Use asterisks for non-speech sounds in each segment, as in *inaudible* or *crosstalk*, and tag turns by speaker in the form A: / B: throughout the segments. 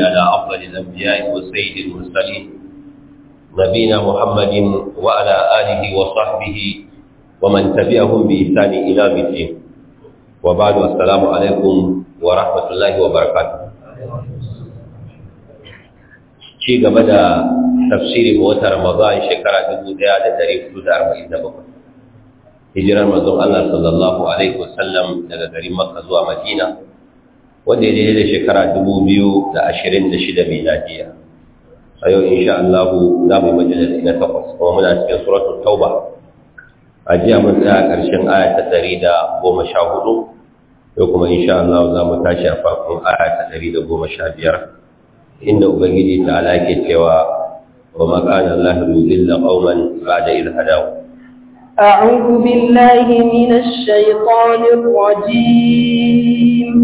A: على
B: أفضل الأنبياء والسيد المرسلين نبينا محمد وعلى آله وصحبه ومن تبعهم بإحسان إلى مثله وبعد السلام عليكم ورحمة الله وبركاته shi game da tafsirin wata ramadan shekara dubu daya da dari hudu da arba'in da bakwai hijirar mazan allah sallallahu alaihi wasallam daga garin maka zuwa madina wanda ya daidai da shekara 2026 miladiya a yau insha Allah za mu yi majalis na takwas kuma muna cikin suratul tauba a jiya mun tsaya ƙarshen aya ta hudu, yau kuma insha Allah za mu tashi a farkon aya ta biyar. inda ubangiji ta ala cewa wa ma kana Allah yudilla qauman ba'da idh hadaw
C: أعوذ بالله من الشيطان الرجيم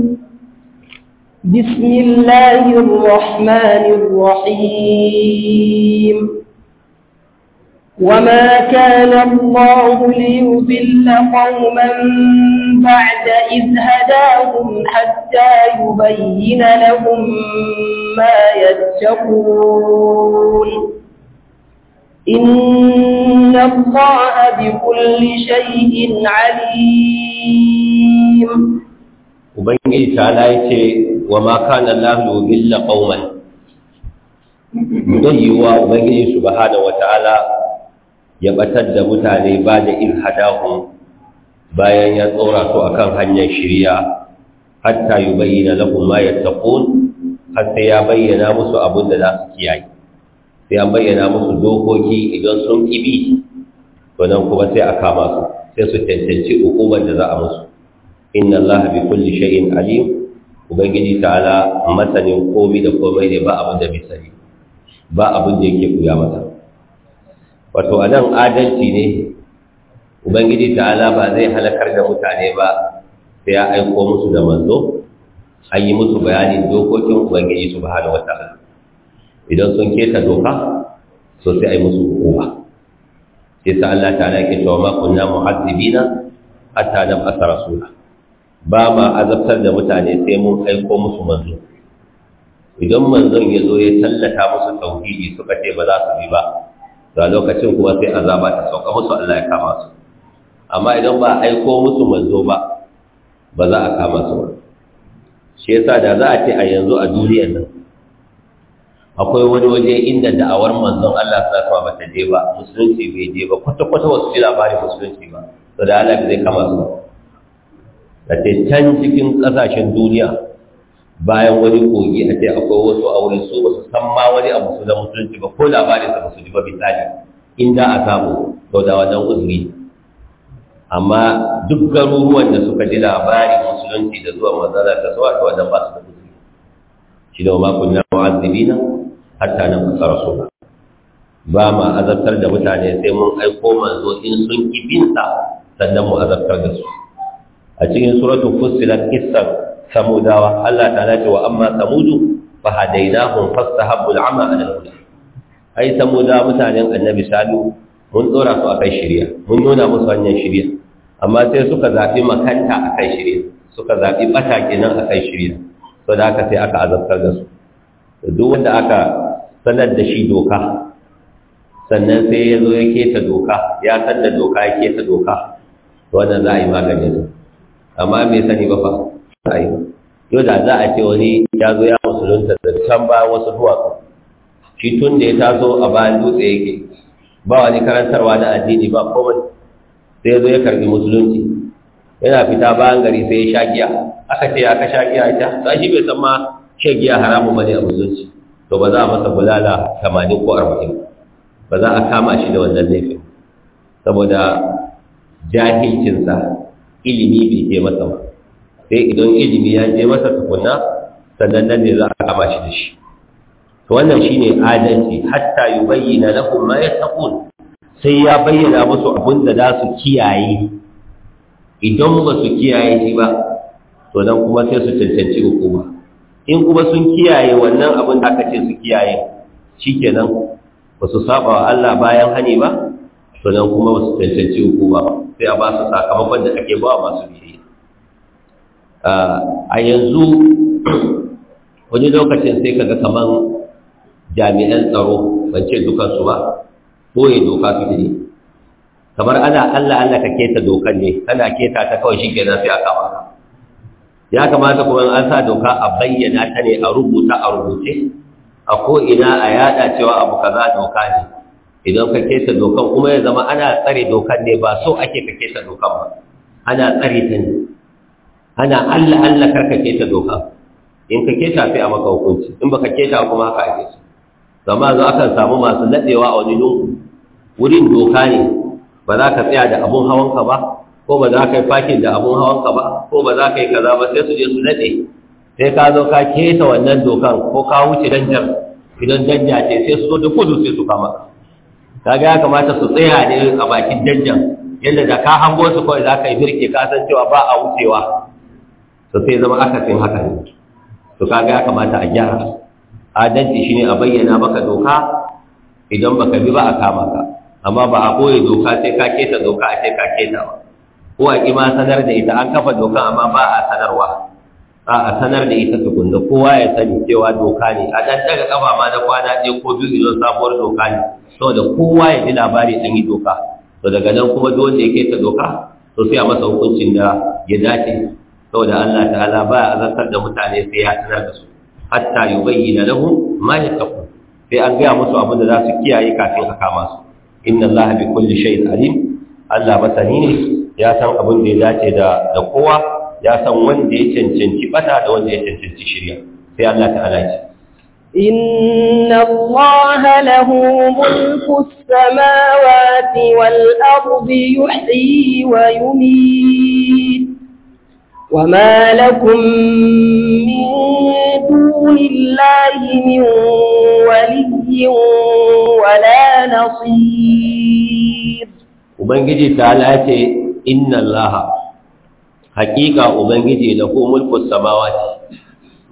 C: بسم الله الرحمن الرحيم وما كان الله ليضل قوما بعد إذ هداهم حتى يبين لهم ما يتقون إن الله بكل شيء عليم
B: ubangiji ta ala ce, wa ma kana Allahu yudilla qauman dai yiwa ubangiji subhanahu ta'ala ya batar da mutane ba da in hadahu bayan ya tsora su akan hanyar shirya hatta yubayyana lahum ma yattaqun har sai ya bayyana musu abin da za su kiyaye sai an bayyana musu dokoki idan sun kibi to kuma sai a kama su sai su cancanci hukumar da za a musu inna Allah bi kulli shay'in alim ubangiji ta'ala masanin komai da komai ne ba abin da bai sani ba abin da yake kuya masa wato anan adalci ne ubangiji ta'ala ba zai halakar da mutane ba sai ya aiko musu da manzo an yi musu bayanin dokokin ubangiji subhanahu wataala idan sun keta doka so sai ai musu hukuma sai sa Allah ta'ala yake cewa ma kunna mu'azzibina hatta nab'atha rasulullah ba ma azabtar da mutane sai mun aiko musu manzo idan manzon ya zo ya tallata musu tauhidi suka ce ba za su bi ba da lokacin kuma sai azaba ta sauka musu Allah ya kama su amma idan ba aiko musu manzo ba ba za a kama su ba shi yasa da za a ce a yanzu a duniyar nan akwai wani waje inda da'awar manzon Allah sallallahu alaihi bata ba ta je ba musulunci bai je ba kwata kwata wasu ji labarin musulunci ba to da Allah zai kama su ba a ce can cikin ƙasashen duniya bayan wani kogi a ce akwai wasu a wurin su ba su san ma wani abu su da musulunci ba ko labarin sa ba su ji ba misali in a samu to da wannan uzuri amma duk garuruwan da suka ji labarin musulunci da zuwa manzana ta zuwa ta wannan ba su da uzuri shi da ma kunna mu'azzibina hatta na kusa rasu ba ma azabtar da mutane sai mun aiko manzo in sun sa sannan mu azabtar da su a cikin suratul fussilat qissar samudawa Allah ta'ala ce wa amma samudu fa hadainahum fastahabbu al'ama 'ala al-huda ai samuda mutanen annabi salu mun tsora su akan shari'a mun nuna musu hanyar shari'a amma sai suka zabi makanta akan shari'a suka zabi bata kenan akan shari'a to da aka sai aka azabtar da su duk wanda aka sanar da shi doka sannan sai ya zo ya keta doka ya san da doka ya keta doka to wannan za a yi maganin su amma bai sani ba fa ai yau da za a ce wani ya zo ya musulunta da can ba wasu duwatsu shi tun da ya taso a bayan dutse yake ba wani karantarwa da addini ba komai sai ya zo ya karbi musulunci yana fita bayan gari sai ya sha giya aka ce ya ka sha giya ita ta shi bai san ma shan giya haramun bane a musulunci to ba za a masa bulala tamanin ko arba'in ba za a kama shi da wannan laifin saboda jahilcinsa ilimi bai je masa ba sai idan ilimi ya je masa tukuna, sannan nan ne za a kama shi da shi to wannan shine adalci hatta yubayyana lahum ma yattaqun sai ya bayyana musu abin da za su kiyaye idan ba su kiyaye shi ba to nan kuma sai su cancanci hukuma in kuma sun kiyaye wannan abin da aka ce su kiyaye shikenan ba su saba wa Allah bayan hani ba to kuma ba su cancanci hukuma sai a ba su sakamakon da ake ba masu biyayya a yanzu *clears throat* wani lokacin sai kaga kaman jami'an tsaro ban ce dukansu ba boye doka su ne kamar ana allah allah ka keta dokan ne kana keta ta kawai shi na sai a kama ya kamata kuma an sa doka a bayyana ta ne a rubuta a rubuce a ko ina a yada cewa abu kaza doka ne idan ka keta dokan kuma ya zama ana tsare dokan ne ba so ake ka keta dokan ba ana tsare ta ne ana allah allah kar ka keta doka in ka keta sai a maka hukunci in baka keta kuma haka ake su zama zo akan samu masu nadewa a wani lungu wurin doka ne ba za ka tsaya da abun hawanka ba ko ba za ka yi fakin da abun hawanka ba ko ba za ka yi kaza ba sai su je su nade sai ka zo ka keta wannan dokan ko ka wuce danjar idan danja ce sai su zo da kudu sai su kama kaga ya kamata su tsaya ne a bakin dajjan yadda da ka hango su kawai za ka yi birki ka san cewa ba a wucewa to sai zama akasin haka ne to kaga ya kamata a gyara adalci shine a bayyana maka doka idan baka bi ba a kama ka amma ba a koyi doka sai ka keta doka a sai ka keta ba ko a ma sanar da ita an kafa doka amma ba a sanarwa a sanar da ita tukunna kowa ya sani cewa doka ne a ɗan daga ƙafa ma na kwana ɗaya ko biyu idan sabuwar doka ne saboda kowa ya ji labari an yi doka to daga nan kuma duk wanda yake ta doka to sai a masa hukuncin da ya dace saboda Allah ta'ala ba ya azantar da mutane sai ya sanar da su hatta yubayyana lahu ma tafi, sai an gaya musu abin da za su kiyaye kafin a kama su inna Allah bi kulli shay'in alim Allah masani ne ya san abin da ya dace da kowa ya san wanda ya cancanci bata da wanda ya cancanci shirya sai Allah ta'ala ce
C: inna allaha lahu mulku as-samawati wal ardi yuhyi wa wa ma lakum min dunillahi min waliyyin wa
B: ubangiji ta'ala ce inna allaha hakika ubangiji da ko mulku samawati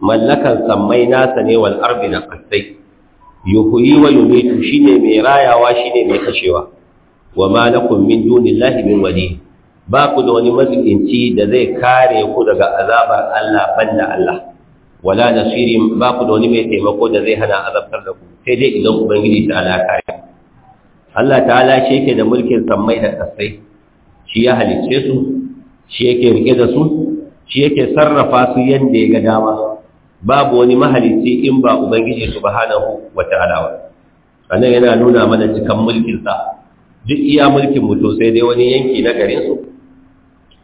B: mallakan sammai nasa ne wal ardi da qasai yuhyi wa yumitu shine mai rayawa shine mai kashewa wa ma lakum min dunillahi min wali ba ku da wani mazikinci da zai kare ku daga azabar Allah banda Allah wala nasirin ba ku da wani mai taimako da zai hana azabtar da ku sai dai idan ubangiji ta ala kare Allah ta'ala shi yake da mulkin sammai da kasai shi ya halicce su shi yake rike da su shi yake sarrafa su yadda ya ga dama babu wani mahalici in ba ubangiji subhanahu wata'ala ba anan yana nuna mana cikan mulkin sa duk iya mulkin mutum sai dai wani yanki na garin su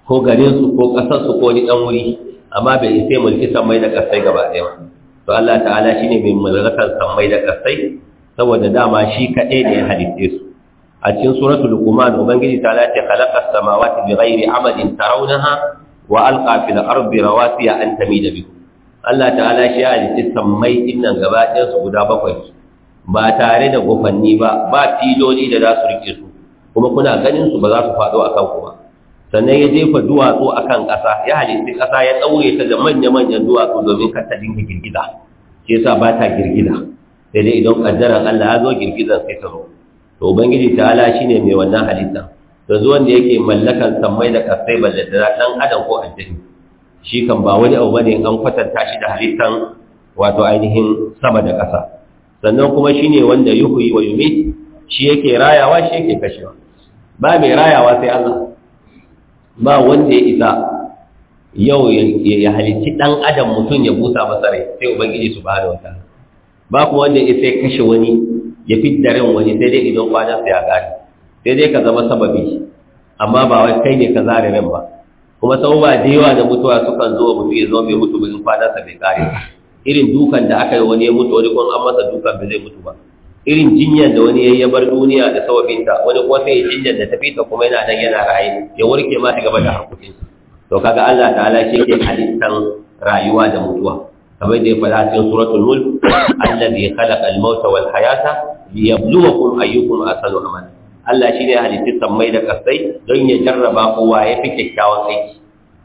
B: ko garin su ko kasar su ko ni dan wuri amma bai sai mulki san mai da kasai gaba ɗaya to Allah ta'ala shine mai mulkar san mai da kasai saboda dama shi kadai ne ya su a cikin suratul luqman ubangiji ta lati khalaqa samawati bighairi amadin tarawnaha wa alqa fil ardi rawasiya an tamida bikum Allah ta'ala shi ya halitta sammai nan gaba ɗayan su guda bakwai ba tare da gofanni ba ba filoli da za su rike su kuma kuna ganin su ba za su faɗo akan ku ba sannan ya jefa duwatsu akan ƙasa ya halitta ƙasa ya ɗaure ta da manya-manyan duwatsu domin kar ta dinga girgiza ke sa ba ta girgiza sai dai idan ƙaddaran Allah ya zo girgizan sai ta zo to ubangiji ta'ala shine mai wannan halitta yanzu wanda yake mallakan sammai da kasai ballata da dan adam ko aljini shi kan ba wani abu bane an kwatanta shi da halittan wato ainihin sama da ƙasa sannan kuma shine wanda yuhyi wa yumit shi yake rayawa shi yake kashewa ba mai rayawa sai Allah ba wanda ya isa yau ya halicci dan adam mutum ya busa masa rai sai ubangiji subhanahu wataala ba kuma wanda ya isa ya kashe wani ya fi da ran wani sai dai idan kwanan sai ya kare sai dai ka zama sababi amma ba wai kai ne ka zare ran ba kuma sau ba da yawa da mutuwa sukan zo wa mutu ya zo mai mutu bai kwanan sa bai kare irin dukan da aka yi wani ya mutu wani kuma an masa dukan ba zai mutu ba irin jinyar da wani ya ya bar duniya da sawabinta wani kuma sai jinyar da tafi ta kuma yana nan yana raye ya warke ma ta gaba da harkokin to kaga Allah ta'ala shi ke halittan rayuwa da mutuwa kamar da ya faɗa cikin suratul mulk allazi khalaqa al-mauta wal hayata liyabluwakum ayyukum ahsanu amala Allah shi ne halitti sammai da kasai don ya jarraba ko waye fi kyakkyawan aiki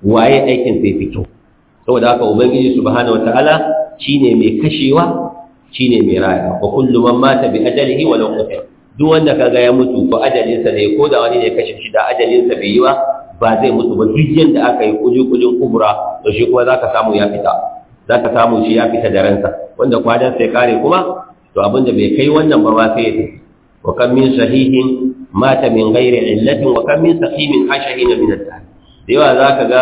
B: waye aikin sai fi saboda haka ubangiji subhanahu wataala shine mai kashewa shine mai rayuwa. wa kullu man mata bi ajalihi wa law qutila duk wanda kaga ya mutu ko ajalinsa ne ko da wani ne kashe shi da ajalinsa bai yi ba ba zai mutu ba duk yanda aka yi kuji kujin kubra to shi kuma zaka samu ya fita za ka samu shi ya fita da ransa wanda kwanan sai kare kuma to abin da bai kai wannan ba ma sai ya tafi wa kan min sahihin mata min ghairi illatin wa kan min sahihin hashahin min al-dahr da yawa za ka ga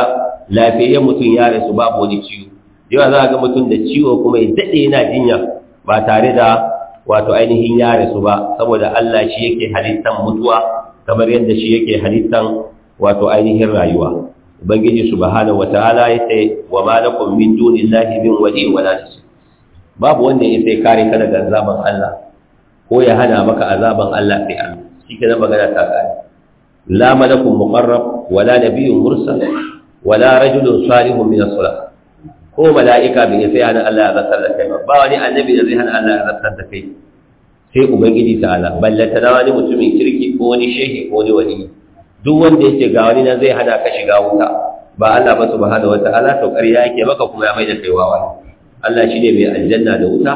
B: lafiyar mutum ya rasu babu wani ciwo da yawa za ga mutum da ciwo kuma ya daɗe yana jinya ba tare da wato ainihin ya rasu ba saboda Allah shi yake halittan mutuwa kamar yadda shi yake halittan wato ainihin rayuwa ubangiji subhanahu wataala yace wa ma lakum min duni llahi min wali wala nasir babu wanda ya sai kare ka daga azaban Allah ko ya hana maka azaban Allah sai Allah shi ke nan magana ta kare la malakun muqarrab wala nabiyyun mursal wala rajulun salihun min as-salah ko mala'ika bai sai hana Allah ya zartar da kai ba ba wani annabi da zai hana Allah ya zartar da kai sai ubangiji ta'ala ballata da wani mutumin kirki ko wani shehi ko wani wali duk wanda yake ga wani nan zai hada ka shiga wuta ba Allah ba subhanahu wataala to ƙarya yake maka kuma ya mai da kai wawa Allah shine mai aljanna da wuta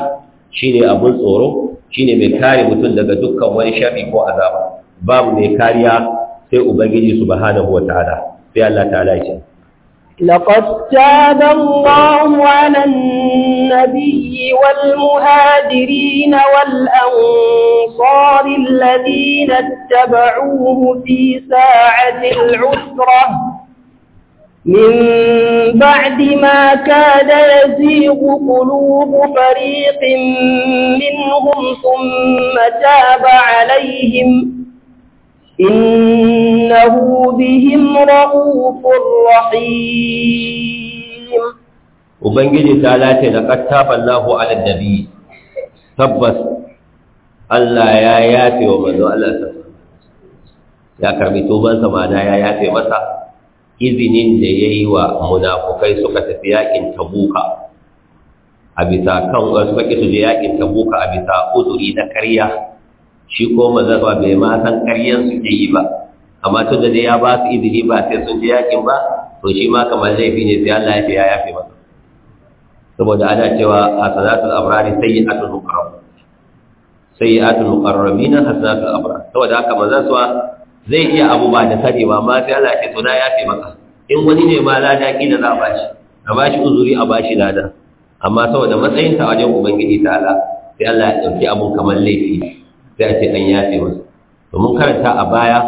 B: shine abun tsoro shine mai kare mutum daga dukkan wani sharri ko azaba babu mai kariya sai ubangiji subhanahu wataala sai Allah ta'ala ya
C: لقد تاب الله على النبي والمهاجرين والأنصار الذين اتبعوه في ساعة العسرة من بعد ما كاد يزيغ قلوب فريق منهم ثم تاب عليهم إنه بهم رؤوف رحيم
B: Ubangiji ta lace da ƙattafan lahu ala dabi tabbas Allah ya yafe wa manzo Allah ta ya karbi tubansa mana ya yafe masa izinin da ya yi wa munafukai suka tafi yakin tabuka a bisa kan suka ƙi su je yakin a bisa uzuri na karya shi ko mazaba bai ma san karyan su ke yi ba amma tun da ya ba su izini ba sai sun je yakin ba to shi ma kamar laifi ne sai Allah ya fi ya yafe masa saboda ana cewa hasanatul abrari sayyi'atul muqarrab sayyi'atul muqarrabina hasanatul abrar saboda haka manzon suwa zai iya abu ba da sani ba ma sai Allah ya ce to na yafe maka in wani ne ma lada kila za a bashi a bashi uzuri a bashi lada amma saboda matsayinta wajen ubangiji ta'ala sai Allah ya ɗauki abun kamar laifi sai a ce an yafe masa domin karanta a baya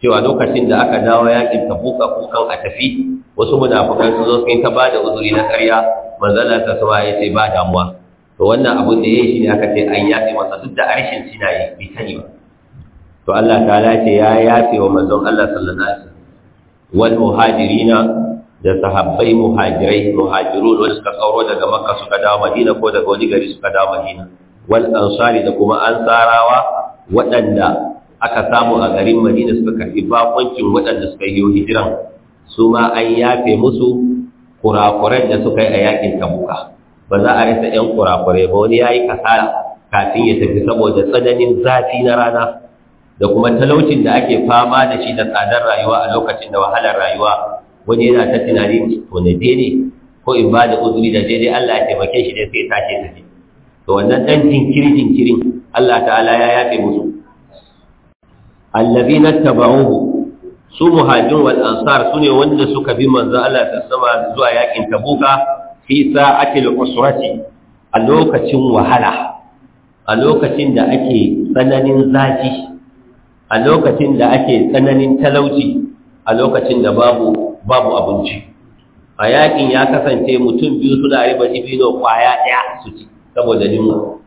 B: cewa lokacin da aka dawo yakin tabuka kukan a tafi wasu munafukan su zo sun ta ba da uzuri na karya, manzala ta ya ce ba damuwa to wannan abin da yayi shine aka ce an yafe masa duk da arshin shi yi sani ba to Allah ta'ala ce ya yafe wa manzon Allah sallallahu alaihi wasallam wal muhajirina da sahabbai muhajirai muhajirun wanda suka kauro daga makka suka dawo madina ko daga wani gari suka dawo madina wal ansari da kuma ansarawa waɗanda aka samu a garin Madina suka karɓi bakoncin waɗanda suka yi hijiran su ma an yafe musu kurakuran da suka yi a yakin Tabuka ba za a rasa 'yan kurakurai ba wani yayi kasala kafin ya tafi saboda tsananin zafi na rana da kuma talaucin da ake fama da shi da tsadar rayuwa a lokacin da wahalar rayuwa wani yana ta tunani to na ne ko in ba da uzuri da daidai dai Allah ya taimake shi da sai tashi tafi to wannan dan jinkiri jinkirin Allah ta'ala ya yafe musu allazina tabauhu su muhajirun wal ansar sune wanda suka bi manzo Allah ta sama zuwa yakin tabuka fi sa'atil usrati a lokacin wahala a lokacin da ake tsananin zafi a lokacin da ake tsananin talauci a lokacin da babu babu abinci a yakin ya kasance mutum biyu suna riba dibino kwaya ɗaya su ci saboda yunwa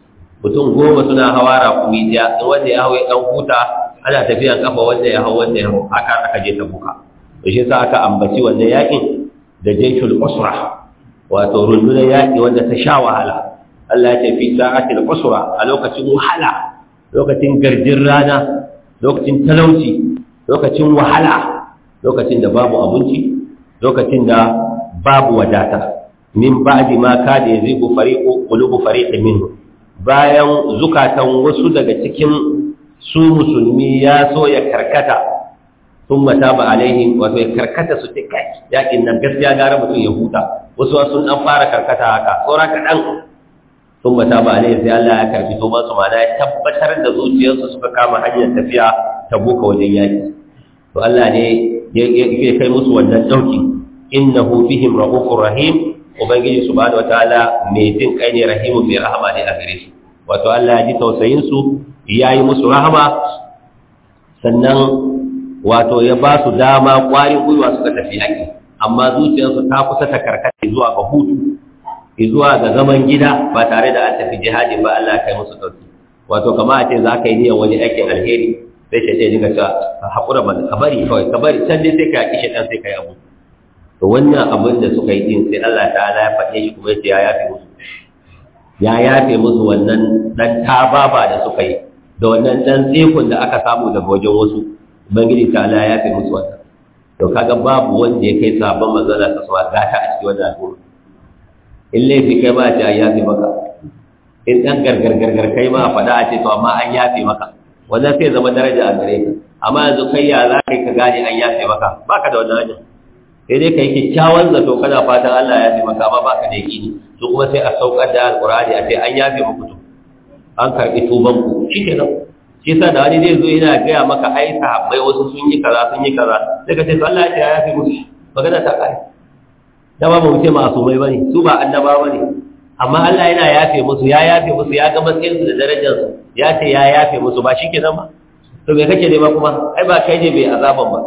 B: mutum goma suna hawa raƙumi ɗaya in wanda ya hau ya ɗan huta ana tafiyan kafa wanda ya hau wanda ya hau haka aka je ta buka to shi sa aka ambaci wannan yaƙin? da jaishul usra wato rundunar yaƙi wanda ta sha wahala Allah ya ce fi sa'atil usra a lokacin wahala lokacin garjin rana lokacin talauci lokacin wahala lokacin da babu abinci lokacin da babu wadata min ba'di ma kada yazigu fariqu qulubu fariqin minhum bayan zukatan wasu daga cikin su musulmi ya so ya karkata sun mata ba alaihim wato ya karkata su tika yakin nan gaskiya gara mutum ya huta wasu sun dan fara karkata haka tsora kaɗan sun mata ba alaihim sai Allah ya karfi to masu mana ya tabbatar da zuciyarsu suka kama hanyar tafiya ta buka wajen yaki to Allah ne ya kai musu wannan ɗauki innahu bihim ra'ufur rahim ubangiji wata wataala mai jin kai ne rahimu mai rahama ne a gare su wato Allah ya ji tausayin su ya yi musu rahama sannan wato ya ba su dama ƙwarin gwiwa suka tafi yaki amma zuciyarsu ta kusa ta karkata zuwa ga hutu zuwa ga zaman gida ba tare da an tafi jihadi ba Allah ya kai musu dauki wato kama a ce za ka yi niyan wani aikin alheri sai ka ce dinga ka haƙura ba ka bari kawai ka bari can ne sai ka yaƙi shi ɗan sai ka yi abu to wannan abin da suka yi din sai Allah ta'ala ya faɗe shi kuma ya yafe musu ya yafe musu wannan dan tababa da suka yi da wannan dan tsekun da aka samu daga wajen wasu ubangiji ta'ala ya yafe musu wannan to kaga babu wanda ya kai sabon manzala ta suwa ta a cikin wannan al'umma in laifi kai ba ta yafe maka in dan gargargargar kai ma faɗa a ce to amma an yafe maka wannan sai zama daraja a gare ka amma yanzu kai ya za ka gane an yafe maka baka da wannan hanyar sai dai ka yi kyakkyawan zato kana fatan Allah ya taimaka ba baka da yaki to kuma sai a saukar da alqur'ani a sai an yafe muku to an karbi tuban ku nan shi sa da wani zai zo yana gaya maka ai sahabbai wasu sun yi kaza sun yi kaza daga sai Allah ya yafe musu magana ta kare da ba mu ce ma asumai bane su ba annaba bane amma Allah yana yafe musu ya yafe musu ya ga su da su ya ce ya yafe musu ba shi ke nan ba to me kake nema kuma ai ba kai ne mai azaban ba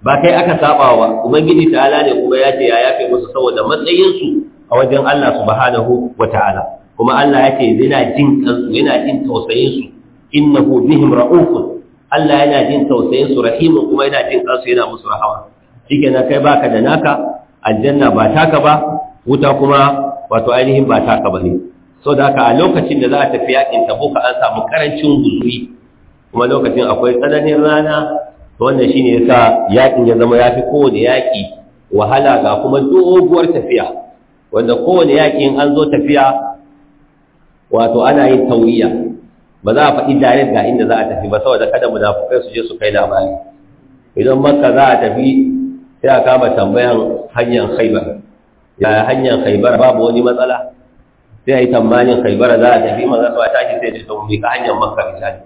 B: ba kai aka saba wa ubangiji ta'ala ne kuma ya ce ya yafe musu saboda matsayin su a wajen Allah subhanahu wa ta'ala kuma Allah ya ce yana jin kansu yana jin tausayinsu innahu bihim ra'uf Allah yana jin tausayinsu rahimun kuma yana jin kansu yana musu rahama na kai baka da naka aljanna ba taka ba wuta kuma wato ainihin ba taka ba ne so da haka a lokacin da za a tafi yakin tabuka an samu karancin guzuri kuma lokacin akwai tsananin rana to wannan shine yasa yakin ya zama yafi kowane yaki wahala ga kuma doguwar tafiya wanda kowane yaki in an zo tafiya wato ana yin tauriya ba za a faɗi dare ga inda za a tafi ba saboda kada munafukai su je su kai labari idan makka za a tafi sai a kama tambayan hanyar khaibar ya hanyar khaibar babu wani matsala sai a yi tamanin khaibar za a tafi maza su ta shi sai da tauri ka hanyar makka misali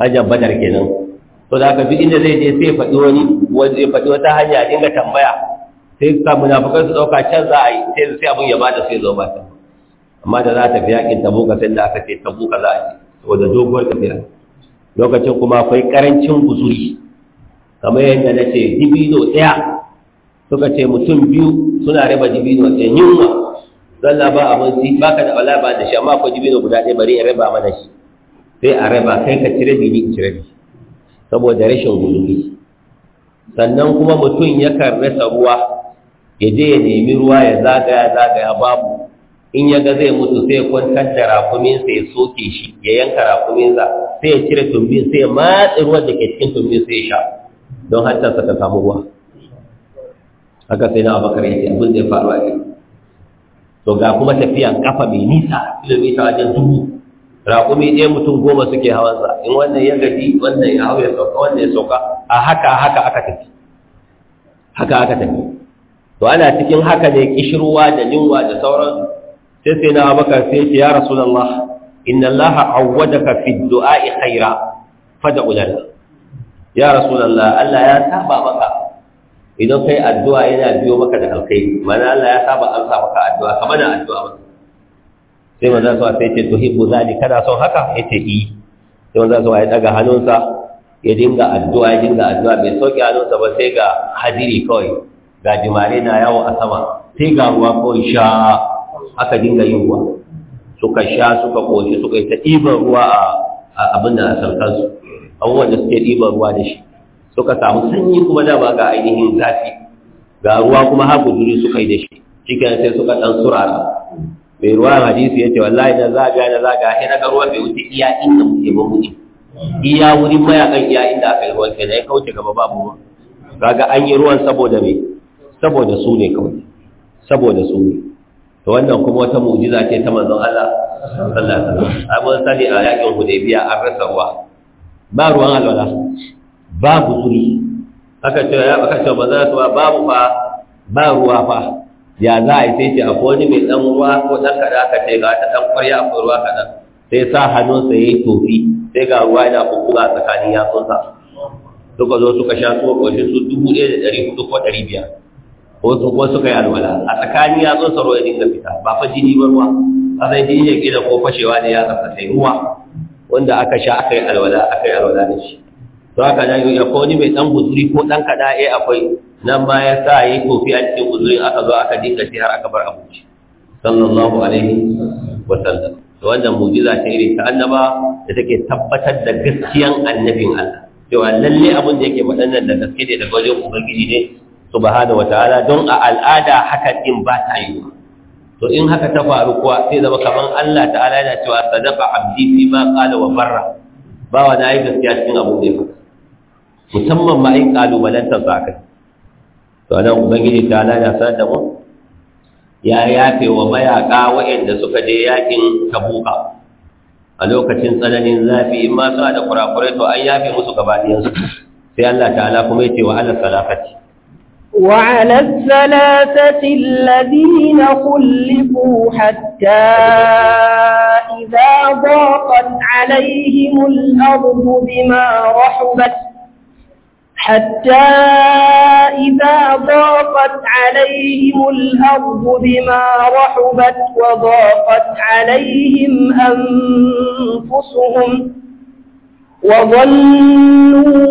B: hanyar badar kenan to da ka duk inda zai je sai faɗi wani ya faɗi wata hanya dinga tambaya sai ka munafukan su ɗauka can za a yi sai sai abin ya bada sai zo ba amma da za ta fi yakin ka sai da aka ce ka za a yi saboda doguwar tafiya lokacin kuma akwai karancin guzuri kamar yadda na ce dibino ɗaya suka ce mutum biyu suna raba dibino ɗaya yunwa zalla ba abinci ba ka da wala ba da shi amma akwai dibino guda ɗaya bari in raba mana shi sai a raba kai ka cire in cire bi saboda rashin gulubi sannan kuma mutum yakan rasa ruwa ya je ya nemi ruwa ya zagaya zagaya babu in ya ga zai mutu sai kwantar da rakuminsa ya soke shi ya yanka rakuminsa sai ya cire tumbin sai ya matsi ruwan da ke cikin tumbin sai ya sha don hantarsa ta samu ruwa haka sai na abakar ya ce abin da faru a yi to ga kuma tafiyan kafa mai nisa kilomita wajen dubu raƙumi ɗaya mutum goma suke hawansa in wannan ya gaji wannan ya hau ya sauka wannan ya sauka a haka haka aka tafi haka aka tafi to ana cikin haka ne kishirwa da yunwa da sauran sai sai na abakar sai ce ya rasu rasulullah inna allaha awwadaka fi du'a'i khaira fada ulana ya rasulullah Allah ya saba maka idan kai addu'a yana biyo maka da alkhairi mana Allah ya saba an saba maka addu'a kamar addu'a maka sai manzo sa sai ce tuhi hibbu zali son haka Ya ce yi eh. sai manzo sa ya daga hannunsa ya dinga addu'a ya dinga addu'a bai soke hannunsa ba sai ga hadiri kawai ga jimare na yawo a sama sai ga ruwa kawai sha aka dinga yin ruwa suka sha suka koshi suka yi ta ɗiban ruwa a abin da sarkansu abubuwan da suke ɗiban ruwa da shi suka samu sanyi kuma dama ga ainihin zafi ga ruwa kuma har guduri suka yi da shi cikin sai suka ɗan surara bai ruwa hadisi ya ce wallahi da za a biya da za a gahe na ruwan bai wuce iya inda muke ba wuce iya wurin mayakan iya inda aka yi ruwan ke ya kauce gaba babu ba ga an yi ruwan saboda me saboda su ne kawai saboda su ne to wannan kuma wata mu'jiza ce ta manzon Allah sallallahu alaihi wasallam abun sani a yakin hudaybiya an rasa ruwa ba ruwan alwala babu suri aka ce ya aka ce manzon Allah babu fa ba ruwa fa ya za a yi sai ce akwai wani mai ɗan ruwa ko ɗan kada ka ce ga ta ɗan ƙwarya akwai ruwa kada sai sa hannunsa ya yi tofi sai ga ruwa yana kukuba a tsakanin yatsunsa suka zo suka sha suka ƙoshi su dubu ɗaya da ɗari hudu ko ɗari biyar su ko suka yi alwala a tsakanin yatsun sa ruwa ya dinga fita ba fa jini ba ruwa sai jini ya gina ko fashewa ne ya sai ruwa wanda aka sha aka yi alwala aka yi alwala da shi to haka nan yi ko ni mai dan guzuri ko dan kada eh akwai nan ma ya sa yi kofi a cikin guzurin aka zo aka dinga shi har aka bar abinci sallallahu alaihi wa sallam to wannan mu'jiza ce irin ta annaba da take tabbatar da gaskiyan annabin Allah cewa lalle abin da yake waɗannan da gaske ne daga wajen ubangiji ne subhanahu wataala don a al'ada haka din ba ta yi to in haka ta faru kuwa sai zama kaman Allah ta'ala yana cewa sadaqa abdi fi ma qala wa barra ba wa da yi gaskiya cikin abu da ya musamman ma in kalubalantar sa kai to anan ubangiji ta lana sanar da mu ya yafe wa mayaka waɗanda suka je yakin tabuka a lokacin tsananin zafi in ma suna da kurakurai to an yafe musu gaba ɗayansu sai Allah ta'ala kuma yace wa ala salafati
C: وعلى الثلاثة الذين خلفوا حتى إذا ضاقت عليهم الأرض بما رحبت حتى إذا ضاقت عليهم الأرض بما رحبت وضاقت عليهم أنفسهم وظنوا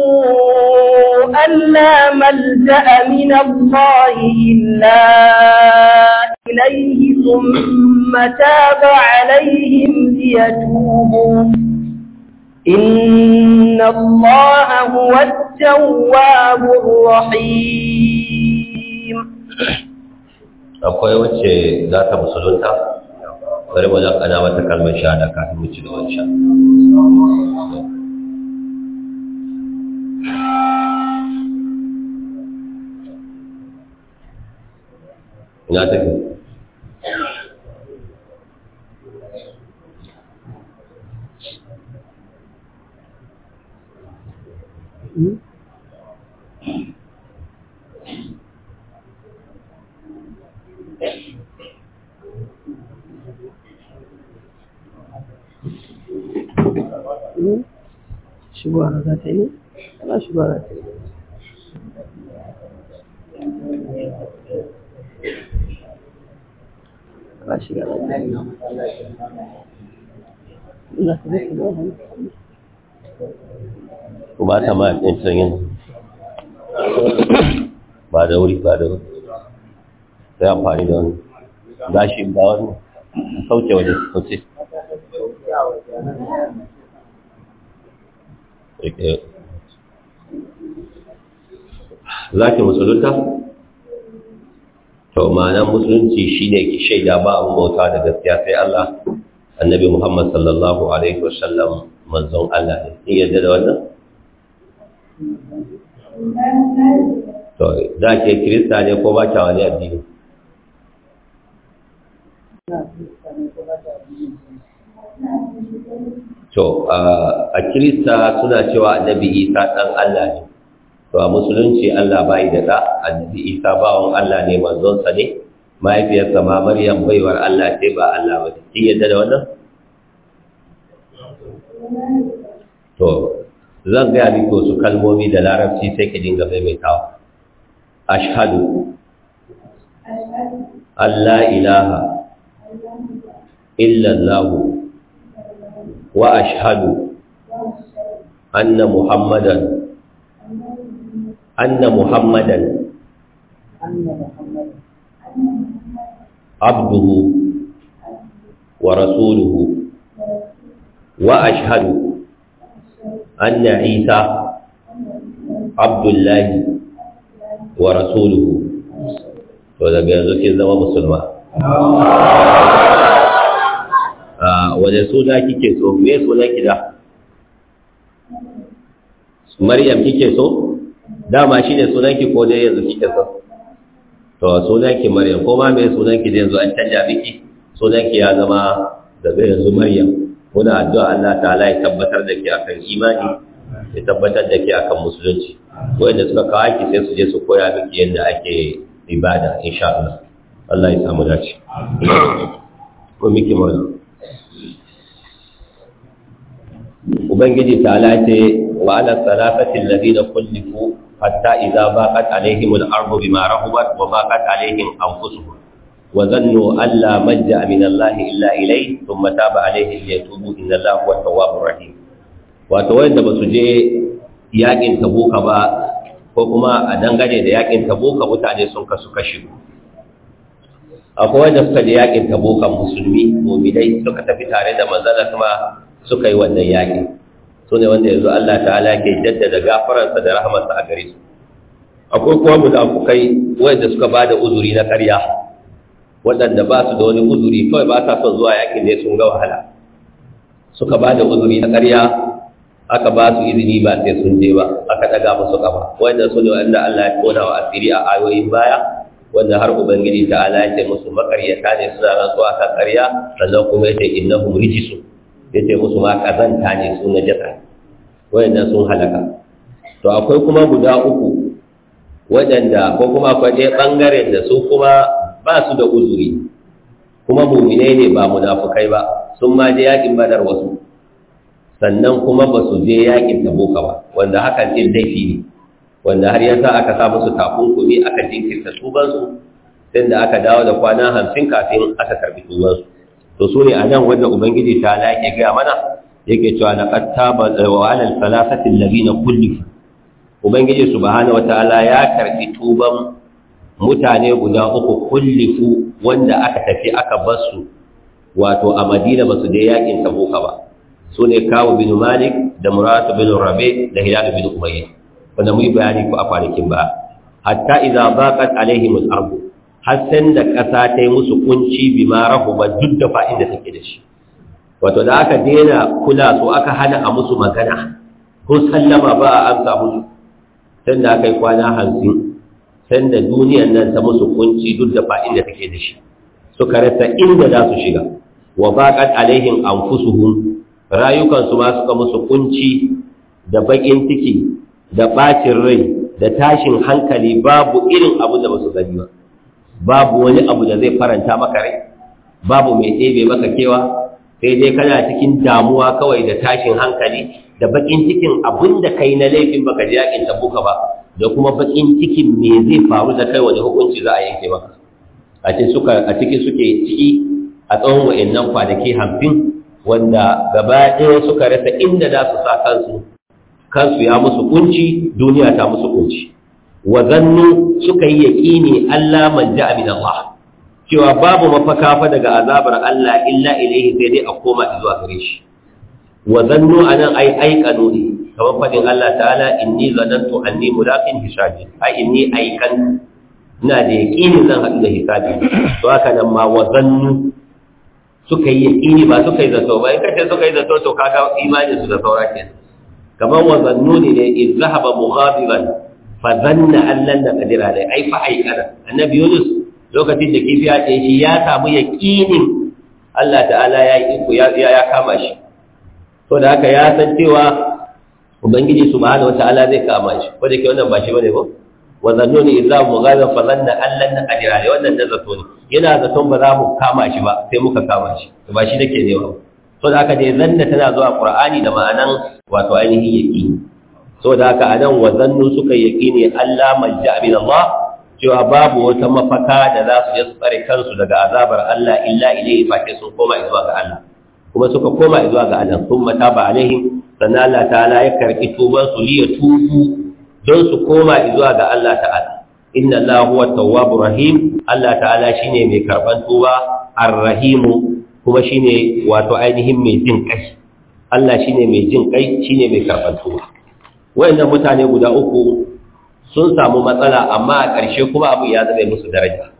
C: أن لا ملجأ من الله إلا إليه
A: ثم
C: تاب عليهم ليتوبوا إن الله هو التواب الرحيم
B: akwai wacce za ta musulunta bari mu zan ana mata kalmar kafin mu
A: ci da
C: Shibu ala zateyi, ala shibu ala
A: zateyi. Ala shigalat, men yon. Mou laf men yon, men yon. ba ta ma ɗin yin
B: ba da wuri ba da wuri sai amfani da wani gashi ba wani sauke waje sauce za ki musulunta? to ma'anar musulunci shi ne ki shaida ba a bauta da gaskiya sai Allah annabi Muhammad sallallahu Alaihi wasallam manzon Allah ne, in yadda da wannan?
A: to
B: za ke kirista ne ko ba ta wani addini to a kirista suna cewa annabi isa ɗan allah ne to a musulunci allah bai da ɗa annabi isa bawan allah ne manzonsa ne mahaifiyarsa ma maryam baiwar allah ce ba allah ba kin yadda da wannan to zan gaya miki wasu kalmomi da larabci sai ka dinga maimaitawa ashhadu
A: Allah ilaha
B: illallah wa ashhadu anna muhammadan
A: anna muhammadan
B: abduhu wa rasuluhu wa ashhadu anna isa
A: abdullahi wa rasuluhu
B: to daga yanzu ke zama musulma
A: wadda suna kike so
B: me suna kida maryam kike so dama shi sunanki ko dai yanzu kike so to sunanki maryam ko ma sunanki da yanzu an sunanki ya zama daga yanzu maryam muna addu'a Allah ta'ala ya tabbatar da ke akan imani ya tabbatar da ke akan musulunci wanda suka kawo ki sai su je su koya miki yadda ake ibada insha Allah Allah ya samu dace ko miki mawla ubangiji ta'ala ce wa ala salafati alladhina kullifu hatta idza baqat alaihim al-ardu bima rahabat wa baqat alaihim anfusuhum وظنوا أن لا مجأ من الله إلا إليه ثم تاب عليه ليتوبوا إن الله هو التواب الرحيم وتوين da basu je yakin tabuka ba ko kuma a dangane da yakin tabuka mutane sun ka suka shigo. akwai wanda suka je yakin tabuka musulmi mu'minai suka tafi tare da manzala kuma suka yi wannan yakin su ne wanda yanzu Allah ta'ala ke jaddada gafararsa da rahamarsa a gare su akwai kuma munafukai wanda suka bada uzuri na karya. waɗanda ba su da wani uzuri kawai ba sa son zuwa yakin ne sun ga wahala suka ba da uzuri na ƙarya aka ba su izini ba sai sun je ba aka ɗaga musu ƙafa. wannan su ne wanda Allah ya kona wa asiri a ayoyin baya wanda har ubangiji ta ala ya ce musu makaryata ne suna rantsuwa kan ƙarya sannan kuma ya ce innahum rijisu ya ce musu ma kazanta ne su na jaka wanda sun halaka to akwai kuma guda uku waɗanda ko kuma kwaje ɓangaren da su kuma ba su da uzuri kuma mumine ne ba munafukai ba sun ma je yaƙin badar wasu sannan kuma ba su je yakin tabuka ba wanda hakan ɗin laifi ne wanda har yasa aka sa musu takunkumi aka jinkirta tubansu sai da aka dawo da kwana hamsin kafin aka karbi tubansu to su ne a nan wanda ubangiji ta laƙe gaya mana yake cewa laqad taba wa alal salasati na kullifu ubangiji subhanahu wataala ya karbi tuban mutane guda uku kullifu wanda aka tafi aka basu wato a Madina basu da yakin Tabuka ba sune Kawu bin Malik da Muratu bin Rabi da Hilal bin Umayya wanda mu bayani ku a kwanakin ba hatta idza baqat alaihim al-ard har da kasa ta yi musu kunci bi ma rahuba duk da fa'in da take da shi wato da aka dena kula so aka hana a musu magana ko sallama ba a amsa musu sai da aka kwana hamsin sai da duniyan nan ta musu kunci duk da fa'in da take da shi suka rasa inda za su shiga wa baqat alaihim anfusuhum rayukansu ma suka musu kunci da bakin ciki da ɓacin rai da tashin hankali babu irin abu da basu gani babu wani abu da zai faranta maka rai babu mai ɗebe maka kewa sai dai kana cikin damuwa kawai da tashin hankali da bakin cikin abinda kai na laifin baka ji yakin tabbuka ba da kuma bakin cikin me zai faru da kai wani hukunci za a yanke maka a cikin suka a cikin suke ciki a tsawon wayannan kwanaki hamsin wanda gaba ɗaya suka rasa inda za su sa kansu kansu ya musu kunci duniya ta musu kunci wa zannu suka yi yaƙini Allah manja min Allah cewa babu mafaka fa daga azabar Allah illa ilaihi sai dai a koma zuwa gare shi wa zannu anan ai aikanu ne kamar fadin Allah ta'ala inni zanantu anni mulaqin hisabi ai inni aikan ina da yaqini zan haɗu da hisabi to haka nan ma wa zannu suka yi yaqini ba suka yi zato ba kace suka yi zato to kaga imanin su da saura kenan kamar wa zannu ne da iz zahaba mughadiban fa zanna an lan naqdir alai ai fa aikana annabi yunus lokacin da kifi ya tsaye shi ya samu yaƙinin Allah ta'ala ya yi iko ya kama shi So da haka ya san cewa ubangiji subhanahu wata'ala zai kama shi ko da ke wannan ba shi bane ba wa zannuni idza mughadha fa zanna allan na qadira ne wannan da zato ne yana zaton ba za mu kama shi ba sai muka kama shi ba shi ke nema So da haka dai zanna tana zuwa qur'ani da ma'anan wato ainihin yaqini So da haka a nan zannu suka yaki ne Allah malja min Allah cewa babu wata mafaka da za su yi tsare kansu daga azabar Allah illa ilai ke sun koma zuwa ga Allah kuma suka koma zuwa ga Allah sun mata ba alaihim sannan Allah ta'ala ya karki tubansu, su liya tubu don su koma zuwa ga Allah ta'ala inna Allah huwa tawwabur rahim Allah ta'ala shine mai karban tuba ar-rahimu kuma shine wato ainihin mai jin kai Allah shine mai jin kai shine mai karban tuba wayannan mutane guda uku sun samu matsala amma a ƙarshe kuma abu ya zama musu daraja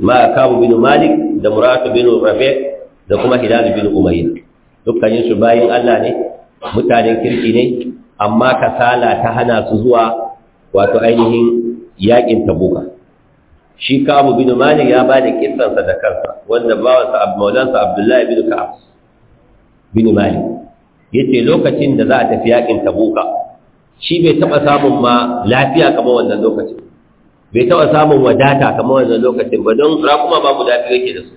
B: ma kawo bin malik da muratu bin rafe da kuma hilal bin umayya dukkanin su bayan Allah ne mutanen kirki ne amma kasala ta hana su zuwa wato ainihin yakin tabuka shi kawo bin malik ya ba da kisansa da kansa wanda bawansa abdullahi abdullahi bin ka'ab binu malik yace lokacin da za a tafi yakin tabuka shi bai taɓa samun ma lafiya kamar wannan lokacin bai taɓa samun wadata kamar wannan lokacin ba don ba babu dafi yake da su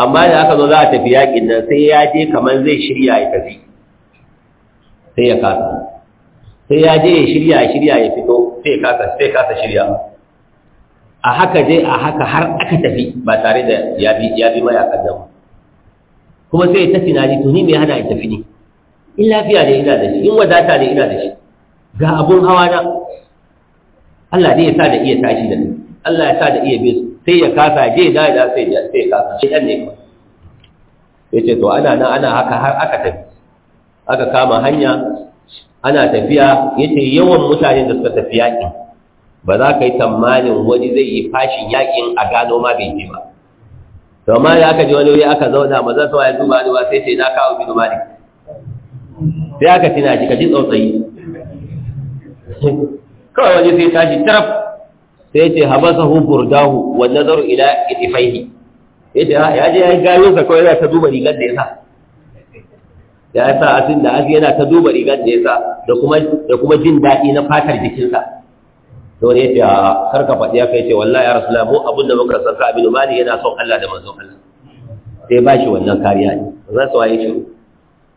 B: amma da aka zo za a tafi yaƙin nan sai ya je kamar zai shirya ya tafi sai ya kasa sai ya je ya shirya ya shirya ya fito sai ya kasa sai kasa shirya a haka dai a haka har aka tafi ba tare da ya bi mayakan nan kuma sai ya tafi na ji to ni me hana ya tafi ne in lafiya ne ina da shi in wadata ne ina da shi ga abun hawa na Allah ne ya sa da iya tashi da ni Allah ya sa da iya bisu. sai ya kasa je da da sai ya sai kasa shi dan ne kawai yace to ana nan ana haka har aka tafi aka kama hanya ana tafiya yace yawan mutane da suka tafi yaƙi ba za ka yi tamanin wani zai yi fashin yaƙin a gano ma bai je ba to amma da aka je wani wuri aka zauna maza sawa ya duba ba sai sai na kawo bin malik sai aka tina shi ka ji tsautsayi kawai wani sai tashi taraf sai ce habasahu burdahu wa nazaru ila itifaihi yace ah, ya je ya gayo sa kawai yana ta duba rigar da ya sa ya sa asin da asin yana ta duba rigar da ya sa da kuma da kuma jin daɗi na fatar jikinsa to ne yace a ah, karka faɗi ya kai ce wallahi ya rasulullah mu abin da muka san abin mali yana son Allah da manzon Allah sai ba shi wannan kariya ne za su waye shi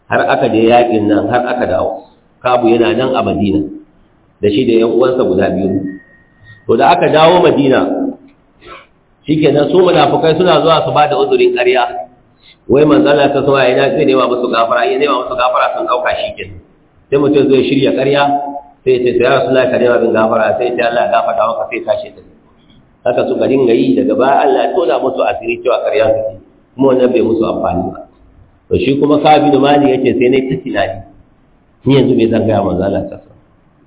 B: har aka da yaƙin nan har aka dawo kabu yana nan a madina da shi da yan uwansa guda biyu to da aka dawo madina shikenan su munafukai suna zuwa su ba da uzurin ƙarya wai manzala ta sama yana zai nema musu gafara ya nema musu gafara sun dauka shikenan sai mutum zai shirya ƙarya sai ya ce ya rasulullahi ka nema bin gafara sai ya ce Allah ya gafarta maka sai tashi da haka suka dinga yi daga baya Allah ya tona musu asiri cewa ƙarya suke kuma wannan bai musu amfani ba to shi kuma kafi da mali yake sai ne ta tunani ni yanzu bai zan gaya manzo Allah ta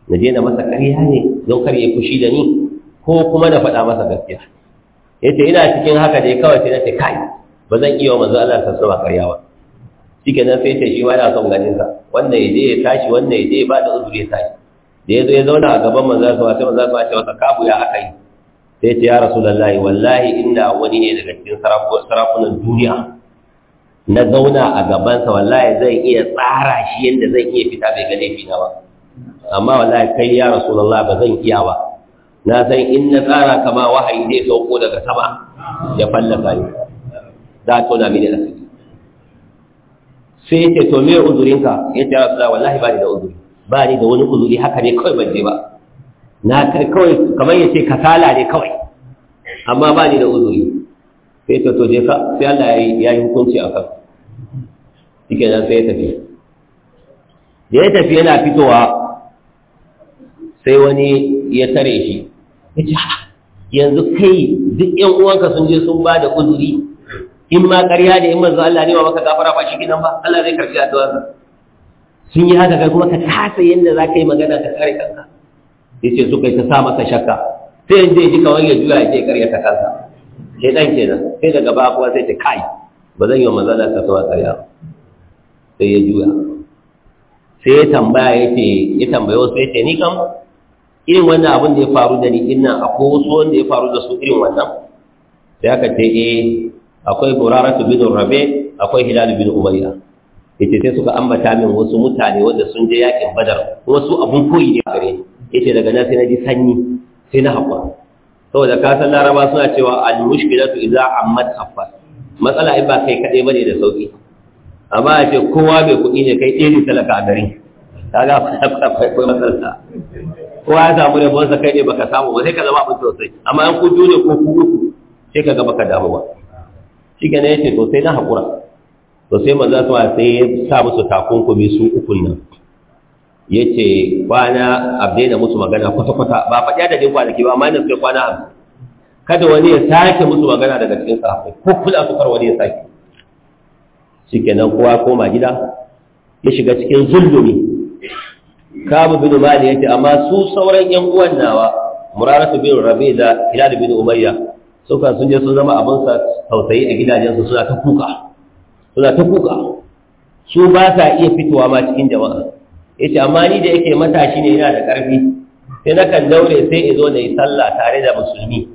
B: na je na masa ƙarya ne don kar ya kushi da ni ko kuma na faɗa masa gaskiya yace ina cikin haka dai kawai sai na ce kai ba zan iya manzo Allah ta sama ƙarya ba shike nan sai ta shi ma na son ganin sa wanda ya je ya tashi wanda ya je ba da uzuri ya tashi da ya zo ya zauna a gaban manzo Allah sai manzo Allah ya ce masa kabu ya akai sai ya ce ya rasulullahi wallahi inda wani ne daga cikin sarakunan duniya na zauna a gabansa wallahi zai iya tsara shi yadda zai iya fita bai gane laifi ba amma wallahi kai ya rasulullah ba zan iya ba na san in na tsara kama wahayi zai sauko daga sama ya fallaka ni za a tona mini asiri sai ce to me uzurinka yace ya rasulullah wallahi ba ni da uzuri ba ni da wani uzuri haka ne kawai ban je ba na kai kawai kamar yace kasala ne kawai amma ba ni da uzuri sai ta to ka sai Allah ya yi hukunci a kan shike nan sai ya tafi da ya tafi yana fitowa sai wani ya tare shi yanzu kai duk yan uwanka sun je sun ba da uzuri in ma ƙarya da in manzo Allah ne ba maka gafara ba shi nan ba Allah zai karfi addu'arka sun yi haka kai kuma ka kasa yadda za ka yi magana ka kare kanka yace su yi ta sa maka shakka sai yanzu ya ji kawai ya juya ya je karya ta kansa ke kenan sai daga ba kuwa sai ta kai ba zan yi wa manzon Allah sallallahu alaihi sai ya juya sai ya tambaya ce ya tambaya wasu ce ni kam irin wannan abin da ya faru da ni a akwai wasu wanda ya faru da su irin wannan sai aka ce eh akwai buraratu bin rabe, akwai hilal bin umayya yace sai suka ambata min wasu mutane wanda sun je yakin badar kuma su abun koyi ne gare ni yace daga nan sai na ji sanyi sai na haƙura saboda ka san laraba suna cewa al-mushkilatu idza ammat khaffat matsala in ba kai kade bane da sauki amma a ce kowa bai kuɗi ne kai ɗaya talaka a garin kaga akwai matsala kowa ya samu ba sa kai ne baka samu ba sai ka zama abin sosai amma an ku ne ko ku uku sai ka ga baka damu ba shi ne yace to sai na hakura to sai manzo sai ya sa musu takunkumi su ukun nan ya ce kwana abdai da musu magana kwata-kwata ba faɗi da ɗin kwanaki ba amma yana kwana abu kada wani ya sake musu magana daga cikin sahabbai ko kula su kar wani ya sake shi kenan kowa koma gida ya shiga cikin zulumi kabu bin mali ya ce amma su sauran yan uwan nawa muraratu bin rabi da hilal bin umayya suka sun je sun zama abin sa tausayi a gidajen su suna ta kuka suna ta kuka su ba sa iya fitowa ma cikin jama'a yace amma ni da yake matashi ne yana da ƙarfi sai na kan daure sai izo zo na yi sallah tare da musulmi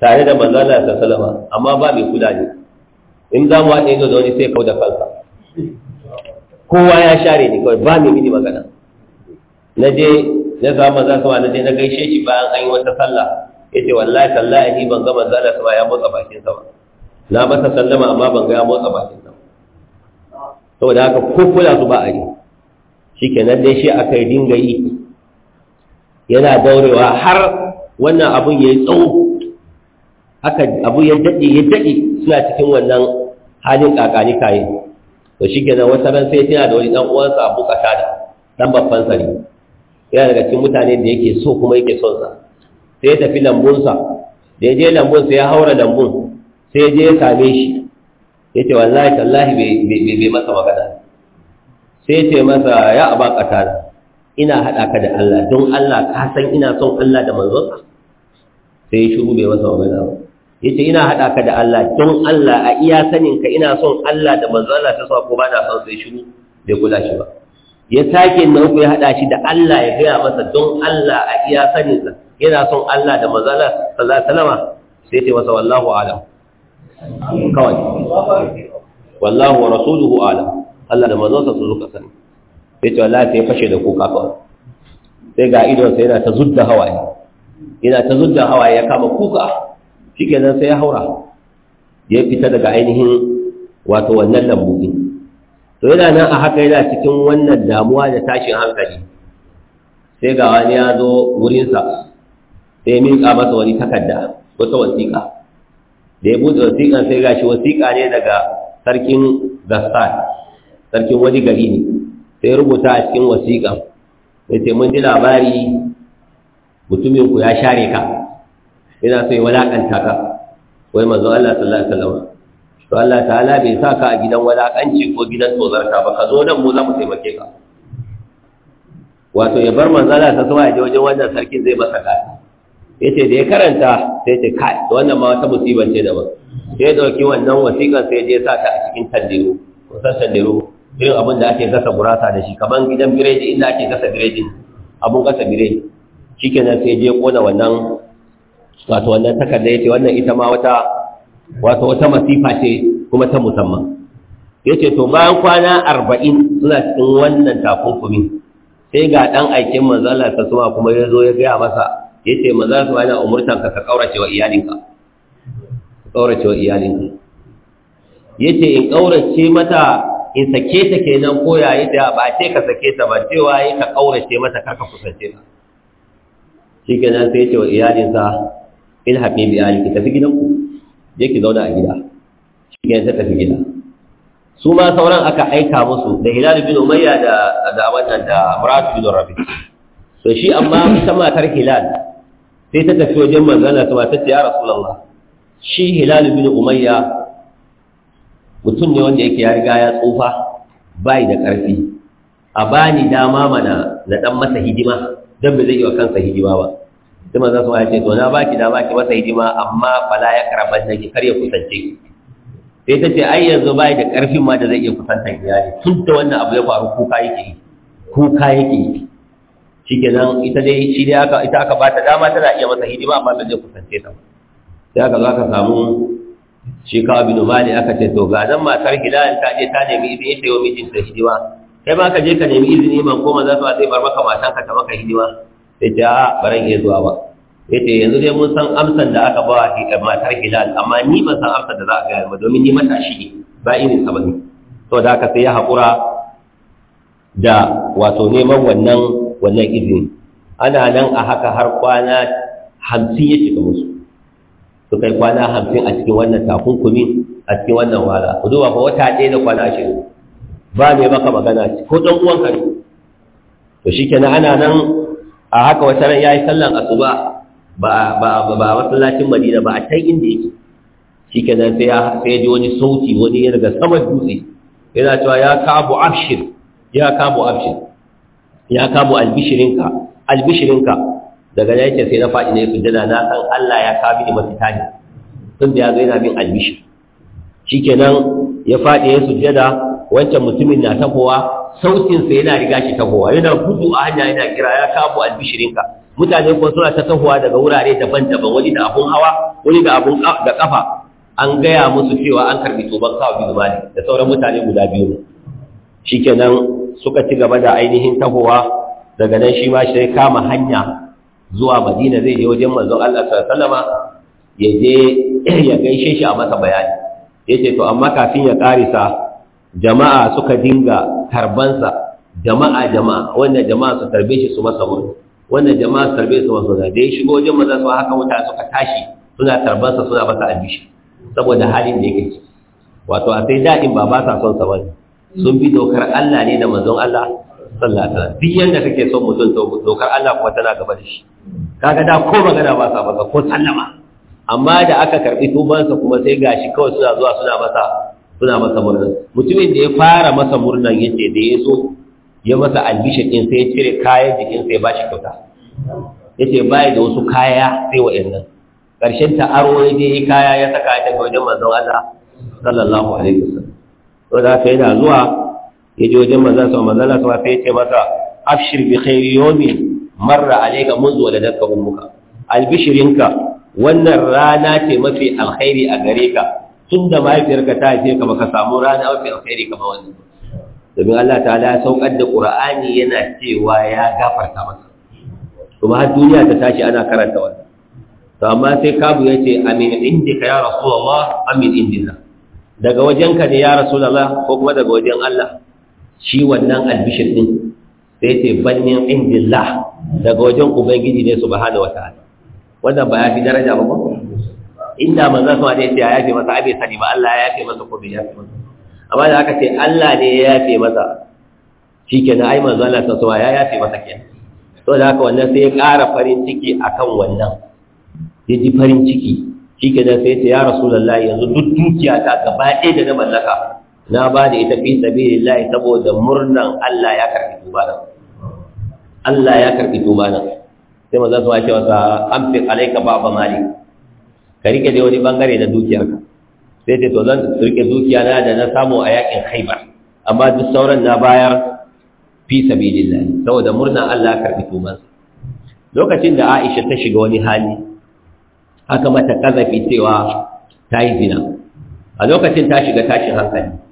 B: tare da manzo Allah salama amma ba mai kula ne in za mu haɗe da wani sai kau da kansa kowa ya share ni kawai ba mai mini magana na je na samu za su na je na gaishe shi bayan an yi wata sallah ya ce wallahi tallahi ni ban ga manzo sama ya motsa bakin sa ba na masa sallama amma ban ga ya motsa bakin sa saboda haka ko kula su ba a yi shikenan dai shi aka dinga yi yana daurewa har wannan abun ya yi tsawo aka abu ya daɗe ya daɗe suna cikin wannan halin ƙaƙani kayi to shikenan wata ran sai tana da wani ɗan uwansa abu da ɗan babban sari yana daga cikin mutane da yake so kuma yake son sa sai ya tafi lambunsa da ya je lambun sai ya haura lambun sai ya je ya same shi yace wallahi tallahi bai bai masa magana sai ce masa ya aba qatada ina haɗa ka da Allah don Allah ka san ina son Allah da manzonsa sai ya shiru bai masa magana ba yace ina haɗa ka da Allah don Allah a iya sanin ka ina son Allah da manzon Allah ta sa ko ba na son sai shiru bai kula shi ba ya sake na uku ya haɗa shi da Allah ya gaya masa don Allah a iya sanin ka yana son Allah da manzon Allah sallallahu alaihi sai ce masa wallahu alam kawai wallahu wa rasuluhu alam Allah da manzonsa su suka sani sai ce wallahi sai fashe da kuka kawai sai ga idonsa yana ta zudda hawaye yana ta zudda hawaye ya kama kuka shikenan sai ya haura ya fita daga ainihin wato wannan lambu din to yana nan a haka yana cikin wannan damuwa da tashin hankali sai ga wani ya zo wurinsa sai miƙa masa wani takarda wata wasiƙa da ya buɗe wasiƙan sai gashi wasiƙa ne daga sarkin gassan sarkin wani gari ne sai rubuta a cikin wasiƙa ya ce mun ji labari mutumin ku ya share ka yana so ya walaƙanta ka wai mazu Allah sallallahu alaihi wasallam to Allah ta'ala bai sa ka a gidan walakanci ko gidan tozarta ba ka zo nan mu za mu taimake ka wato ya bar manzo Allah sallallahu alaihi wasallam wajen wannan sarkin zai masa Ya yace da ya karanta sai ce kai wannan ma wata musibar ce ba sai ya dauki wannan wasiƙar sai ya je sa ta a cikin tandiru ko san irin abin da ake gasa gurasa da shi kaman gidan biredi inda ake gasa biredi abun gasa biredi shikenan sai je kona wannan wato wannan takarda yace wannan ita ma wata wato wata masifa ce kuma ta musamman yace to bayan kwana arba'in suna cikin wannan takunkumi, sai ga ɗan aikin manzala ta suma kuma ya zo ya gaya masa ya ce manzala suma yana umurtanka ka ƙaurace wa iyalinka ka ƙaurace wa iyalinka ya ce in ƙaurace mata in sake ta kenan ko yayi da ba ce ka sake ta ba cewa yi ka kaurace mata karka kusance ta nan sai ce wa iyalinsa in haɗe bi ali ki tafi gidanku je ki zauna a gida ke ta tafi gida su ma sauran aka aika musu da hilal bin umayya da da wannan da murat bin rabi to shi amma ita matar hilal sai ta tafi wajen manzon Allah ta ce ya rasulullah shi hilal bin umayya mutum ne wanda yake ya riga ya tsufa bai da ƙarfi a bani dama mana na ɗan masa hidima don ba zai yi wa kansa hidima ba sai manzon sama ya ce to na baki dama ki masa hidima amma Bala ya karban da ki kar ya kusance sai ta ce ai yanzu bai da ƙarfin ma da zai iya kusanta iyali tun da wannan abu ya faru kuka yake yi kuka yake yi shikenan ita dai shi dai aka ita aka bata dama tana iya masa hidima amma ba zai kusance ta ba sai aka zo aka samu shi ka abin ne aka ce to ga zan matar hilal ta je ta nemi izini ta yi mijin ta hidima kai ma ka je ka nemi izini man ko maza ba zai bar maka matan ka ta maka hidima sai ta baran iya zuwa ba yace yanzu dai mun san amsan da aka ba wa eh, matar hilal amma ni ban san amsan da za a gaya ba domin ni matashi ne ba irin sa bane to da aka sai ya haƙura da wato neman wannan wannan izini ana nan a haka har kwana hamsin ya cika musu su kai kwana hamsin a cikin wannan takunkumi a cikin wannan wahala ku duba fa wata ɗaya da kwana ashirin ba mai maka magana ko ɗan uwan ne to shikenan ana nan a haka wata ran yi sallan asuba ba ba masallacin Madina ba a can inda yake shikenan sai sai ya ji wani sauti wani ya daga saman dutse yana cewa ya kabu abshir ya kabu abshir ya kabu albishirinka albishirinka daga ya yake sai na faɗi na yi sujjada na san Allah ya kawo mini mafita ne tun da ya zo yana bin albishi shi kenan ya faɗi ya sujjada wancan mutumin na tahowa sautinsa yana riga shi tahowa yana gudu a hanya yana kira ya kawo albishirinka mutane kuma suna ta tahowa daga wurare daban-daban wani da abun hawa wani da abun da kafa an gaya musu cewa an karbi toban kawo bi da sauran mutane guda biyu shikenan suka ci gaba da ainihin tahowa daga nan shi ma shi kama hanya zuwa madina zai je wajen manzon Allah sallama ya je ya gaishe shi a masa bayani ya ce to amma kafin ya karisa jama'a suka dinga tarbansa jama'a jama'a wannan jama'a su tarbe shi su masa wuri wannan jama'a su tarbe su masa wuri da ya shigo wajen manzon su haka mutane suka tashi suna tarbansa suna masa albishi saboda halin da yake ci wato a sai daɗin ba ba sa son sa bane sun bi dokar Allah ne da manzon Allah sallallahu alaihi wasallam duk yanda kake son mutum to dokar Allah kuma tana gaba da shi kaga da ko magana ba sa masa ko sallama amma da aka karbi tubansa kuma sai gashi kawai suna zuwa suna masa suna masa murna mutumin da ya fara masa murnan yace da ya so ya masa albishir din sai ya cire kayan jikin sai ba shi kyauta yace bai da wasu kaya sai wa'annan karshen ta aro ya je kaya ya saka ya tafi wajen manzon Allah sallallahu alaihi wasallam to da sai da zuwa ya ji wajen maza sama manzan sama sai ce masa afshir bi khairi yomi marra alayka munzu waladaka ummuka albishirinka wannan rana ce mafi alkhairi a gare ka tun da mahaifiyarka ta ce ka baka samu rana mafi alkhairi kamar wannan domin Allah ta'ala ya saukar da Qur'ani yana cewa ya gafarta masa kuma har duniya ta tashi ana karanta wannan to amma sai kabu ya ce amin indika ya rasulullah amin indina daga wajenka ne ya rasu rasulullah ko kuma daga wajen Allah shi wannan albishir din sai ce bannin indillah daga wajen ubangiji ne subhanahu wataala wannan ba ya fi daraja ba ko inda manzon sama ne ya yafe masa abe sani ba Allah ya yafe masa ko bai yafe masa amma da aka ce Allah ne ya yafe masa da ai manzon Allah sallallahu ya yafe masa kenan to da haka wannan sai ya ƙara farin ciki akan wannan ya ji farin ciki da sai ya ce ya rasulullahi yanzu duk dukiya ta gaba ɗaya da na mallaka na ba da ita fi lai saboda murnan Allah ya karfi tuba nan Allah ya karfi tuba nan sai manzo sama ce masa amfi ba baba mali ka rike da wani bangare na dukiyarka sai ce to zan rike dukiya na da na samu a yakin haibar amma duk sauran na bayar fi lai saboda murnan Allah ya tuba tuban lokacin da Aisha ta shiga wani hali aka mata kazafi cewa ta yi zina a lokacin ta shiga tashin hankali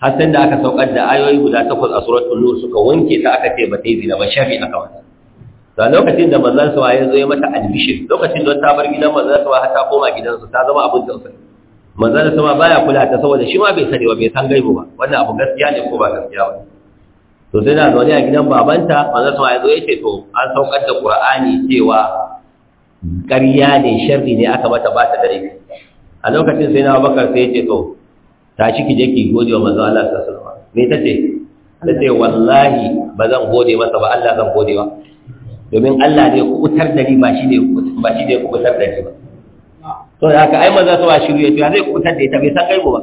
B: har sai da aka saukar da ayoyi guda takwas a suratul nur suka wanke ta aka ce ba ta yi zina ba shafi aka wata da lokacin da manzon sa ya zo ya mata admission lokacin da ta bar gidan manzon sa har ta koma gidansu ta zama abin tausayi manzon sa baya kula ta saboda shi ma bai sani ba bai san gaibu ba wannan abu gaskiya ne ko ba gaskiya ba to sai na zaune a gidan babanta manzon sa ya zo ya ce to an saukar da qur'ani cewa ƙarya ne sharri ne aka mata ba ta dare a lokacin sai na bakar sai ya ce to tashi ki je ki gode wa manzo Allah sallallahu alaihi wasallam me tace tace wallahi ba zan gode masa ba Allah zan gode wa domin Allah ne utar da ni ba shi ne ba shi ne utar da ni ba
A: to da haka ai manzo su a
B: shirye to zai ku utar da ita bai san kai ba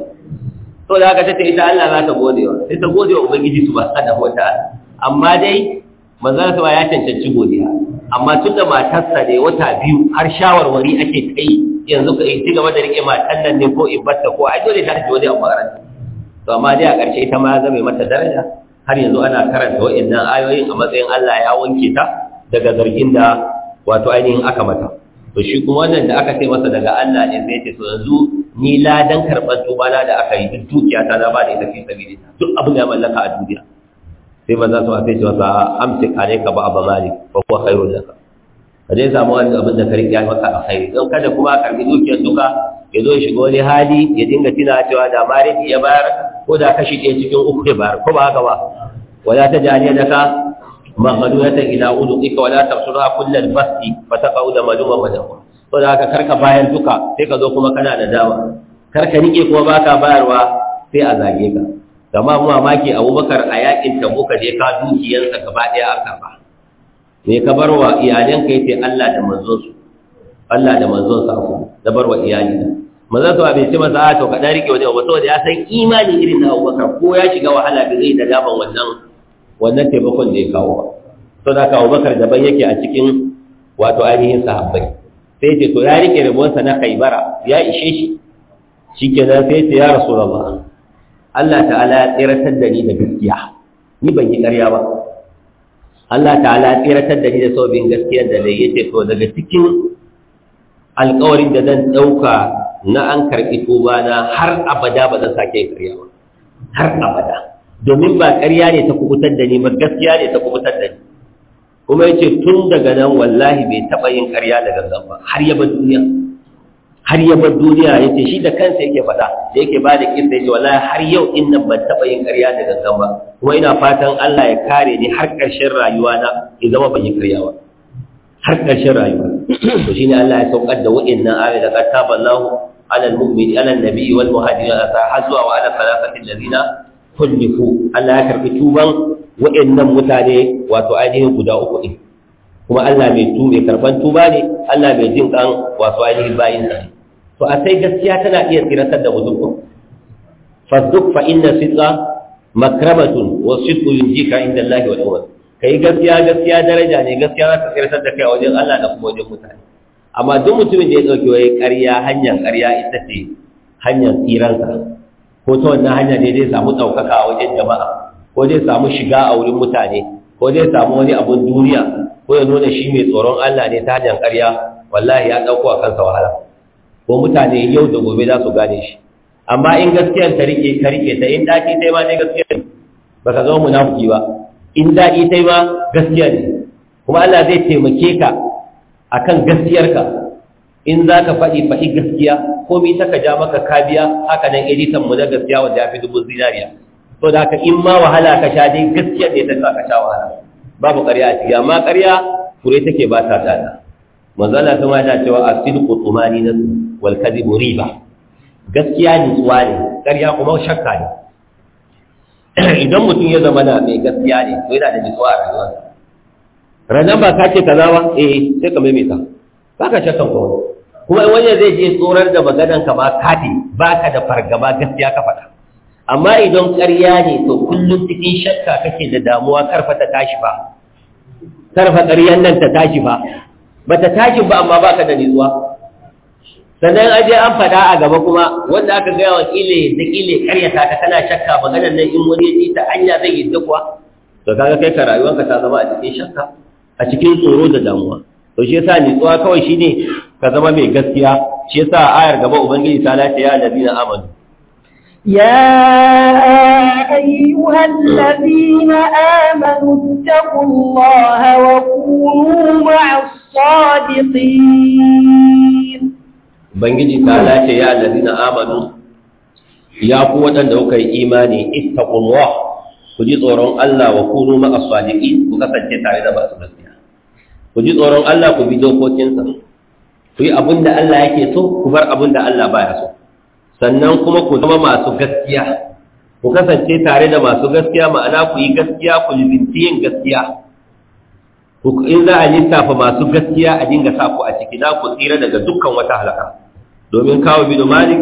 B: to da haka tace ita Allah za ta gode wa sai ta gode wa ubangiji subhanahu wa ta'ala amma dai manzo Allah ya cancanci godiya amma tun da matarsa ne wata biyu har shawarwari ake kai yanzu ka yi cigaba da rike matan nan ne ko in batta ko a dole ta ji wani abu a to amma dai a ƙarshe ita ma zame mata daraja har yanzu ana karanta wa'annan ayoyin a matsayin Allah ya wanke ta daga zargin da wato ainihin aka mata to shi kuma wannan da aka ce masa daga Allah ne zai ce to yanzu ni ladan karɓar tubana da aka yi duk dukiya ta na ba da ita fi sabili duk abin da ya mallaka a duniya sai manzo sama a ce masa amsik ba ba'd malik ko kuwa khairun da ka dai samu wani abin da ka riƙe maka alkhairi don kada kuma a karbi dukiyar duka ya zo ya shiga wani hali ya dinga tuna cewa da mariki ya bayar ko da kashi ɗaya cikin uku ya bayar ko ba haka ba wala ta jani ya maghlulatan ila Ika wala tabsura kull al-basti fa taqauda maluma madahum to da haka karka bayan duka sai ka zo kuma kana da dama karka rike kuma baka bayarwa sai a zage ka kama mamaki abubakar a yakin tabuka da ya ka dukiyarsa gaba ɗaya aka ba me ka bar wa iyalanka yace Allah da manzonsu Allah da manzonsa ku da bar wa iyali maza to bai ce maza to ka dare ke wajen ba saboda ya san imani irin na abubakar ko ya shiga wahala da zai da daban wannan wannan taimakon da ya kawo ba to da ka abubakar daban yake a cikin wato ainihin sahabbai sai ce to ya rike rabuwarsa na kaibara ya ishe shi shikenan sai ce ya rasu rasulullah Allah ta'ala ya tseratar da ni da gaskiya ni ban yi ƙarya ba Allah ta'ala ya tseratar da ni da sabbin gaskiyar da dai yace to daga cikin alƙawarin da zan ɗauka na an karɓi tuba na har abada ba zan sake yin ƙarya ba har abada domin ba ƙarya ne ta kubutar da ni ba gaskiya ne ta kubutar da ni kuma yace tun daga nan wallahi bai taɓa yin ƙarya daga gangan ba har ya bar duniya har ya bar duniya ya ce shi da kansa yake faɗa da yake ba da ƙin da yake wallahi har yau in nan ban taɓa yin ƙarya da gangan ba kuma ina fatan Allah ya kare ni har ƙarshen rayuwa na in zama ban yi ƙarya ba har ƙarshen rayuwa to ne Allah ya saukar da wa'in nan ayoyi da qad taballahu ala almu'min ala annabi wal muhajirin har zuwa wa ala salasati allazina kullifu Allah ya karbi tuban wa'in nan mutane wato ainihin guda uku din kuma Allah mai tu mai karban tuba ne Allah mai jin ɗan, wasu ainihin bayinsa to a sai gaskiya tana iya tsiratar da uzurku fasduk fa inna sidqa makramatun wa sidqu yunjika inda Allah wa umar kai gaskiya gaskiya daraja ne gaskiya za ta tsiratar da kai a wajen Allah da kuma wajen mutane amma duk mutumin da ya dauki wai ƙarya hanyar ƙarya ita ce hanyar tsiransa ko ta wannan hanya ne zai samu daukaka a wajen jama'a ko zai samu shiga a wurin mutane ko zai samu wani abun duniya ko ya nuna shi mai tsoron Allah ne ta hanyar ƙarya wallahi ya ɗauko a kansa wahala ko mutane yau da gobe za su gane shi amma in gaskiyar ta rike ka rike ta in daki ta ma ne gaskiyar ba ka zama munafiki ba in daki ta ma gaskiya ne kuma Allah zai taimake ka akan ka in za ka faɗi faɗi gaskiya ko mi ta ka ja maka kabiya haka nan editan mu na gaskiya wanda ya fi dubu zinariya to da haka in ma wahala ka sha dai gaskiya ne ta sa ka sha wahala babu ƙarya a ciki amma ƙarya fure take ba ta tada manzo Allah kuma yana cewa asidu qutmani nasu wal kadhibu riba gaskiya nutsuwa ne ƙarya kuma shakka ne idan mutum ya zama na mai gaskiya ne to yana da nutsuwa a rayuwarsa ranar ba ka ce kaza ba eh sai ka maimaita ba ka shakkan ko kuma wani zai je tsorar da maganan ka ma kafi ba ka da fargaba gaskiya ka faɗa amma idan ƙarya ne to kullum cikin shakka kake da damuwa karfa ta tashi ba karfa ƙaryan nan ta tashi ba ba ta tashi ba amma ba ka da nutsuwa sannan aje an fada a gaba kuma wanda aka gaya wa kile da kile ƙaryata ka kana shakka maganar nan in wani ji ta anya zai yadda kuwa to kaga kai ka rayuwarka ta zama a cikin shakka a cikin tsoro da damuwa to shi yasa ni tsuwa kawai shine ka zama mai gaskiya shi yasa ayar gaba ubangiji ta lafiya ya na
C: amanu يا أيها الذين آمنوا اتقوا الله وكونوا مع الصادقين
B: Bangiji ta lace ya allazina amanu ya ku waɗanda kuka yi imani ittaqullah ku ji tsoron Allah wa kunu maka as ku kasance tare da masu gaskiya ku ji tsoron Allah ku bi dokokinsa ku yi abin da Allah yake so ku bar abin da Allah baya so sannan kuma ku zama masu gaskiya ku kasance tare da masu gaskiya ma'ana ku yi gaskiya ku libinci yin gaskiya in za a lissafa masu gaskiya a dinga sa ku a ciki na ku tsira daga dukkan wata halaka domin kawo bin malik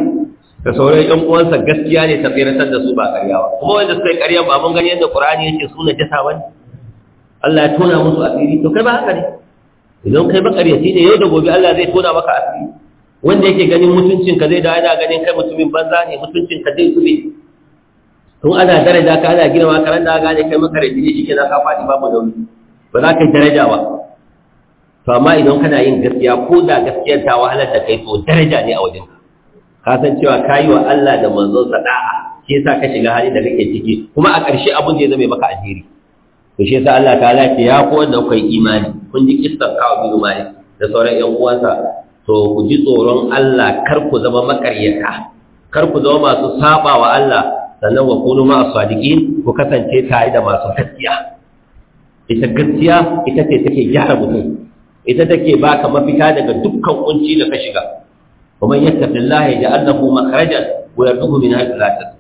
B: da sauran yan uwansa gaskiya ne ta tsiratar da su ba karyawa kuma wanda suka yi karya ba mun gani yadda qur'ani yake suna na jasa wani. Allah ya tona musu asiri to kai ba haka ne idan kai shi ne yau da gobe Allah zai tona maka asiri wanda yake ganin mutuncinka zai dawo yana ganin kai mutumin banza ne mutuncinka zai tsube tun ana daraja ka ana girma karanta da gane kai makaryaci ne shi ke za ka faɗi babu dauni ba za ka yi daraja ba to amma idan kana yin gaskiya ko da gaskiyar ta wahalar da kai to daraja ne a wajen ka san cewa kayi wa Allah da manzon sa ke sa ka shiga hali da kake ciki kuma a ƙarshe abun da ya zama maka alheri to shi yasa Allah ta ce ya ko wanda kai imani kun ji kissan kawo bin mali da sauran 'yan uwansa to ku ji tsoron Allah kar ku zama makaryata kar ku zama masu saba wa Allah sannan wa kunu ma asadiqin ku kasance tare da masu gaskiya ita gaskiya ita ce take gyara mutum ita take baka mafita daga dukkan kunci da ka shiga kuma yattaqillahi annahu makhrajan wa yarzuqhu min haythu la yahtasib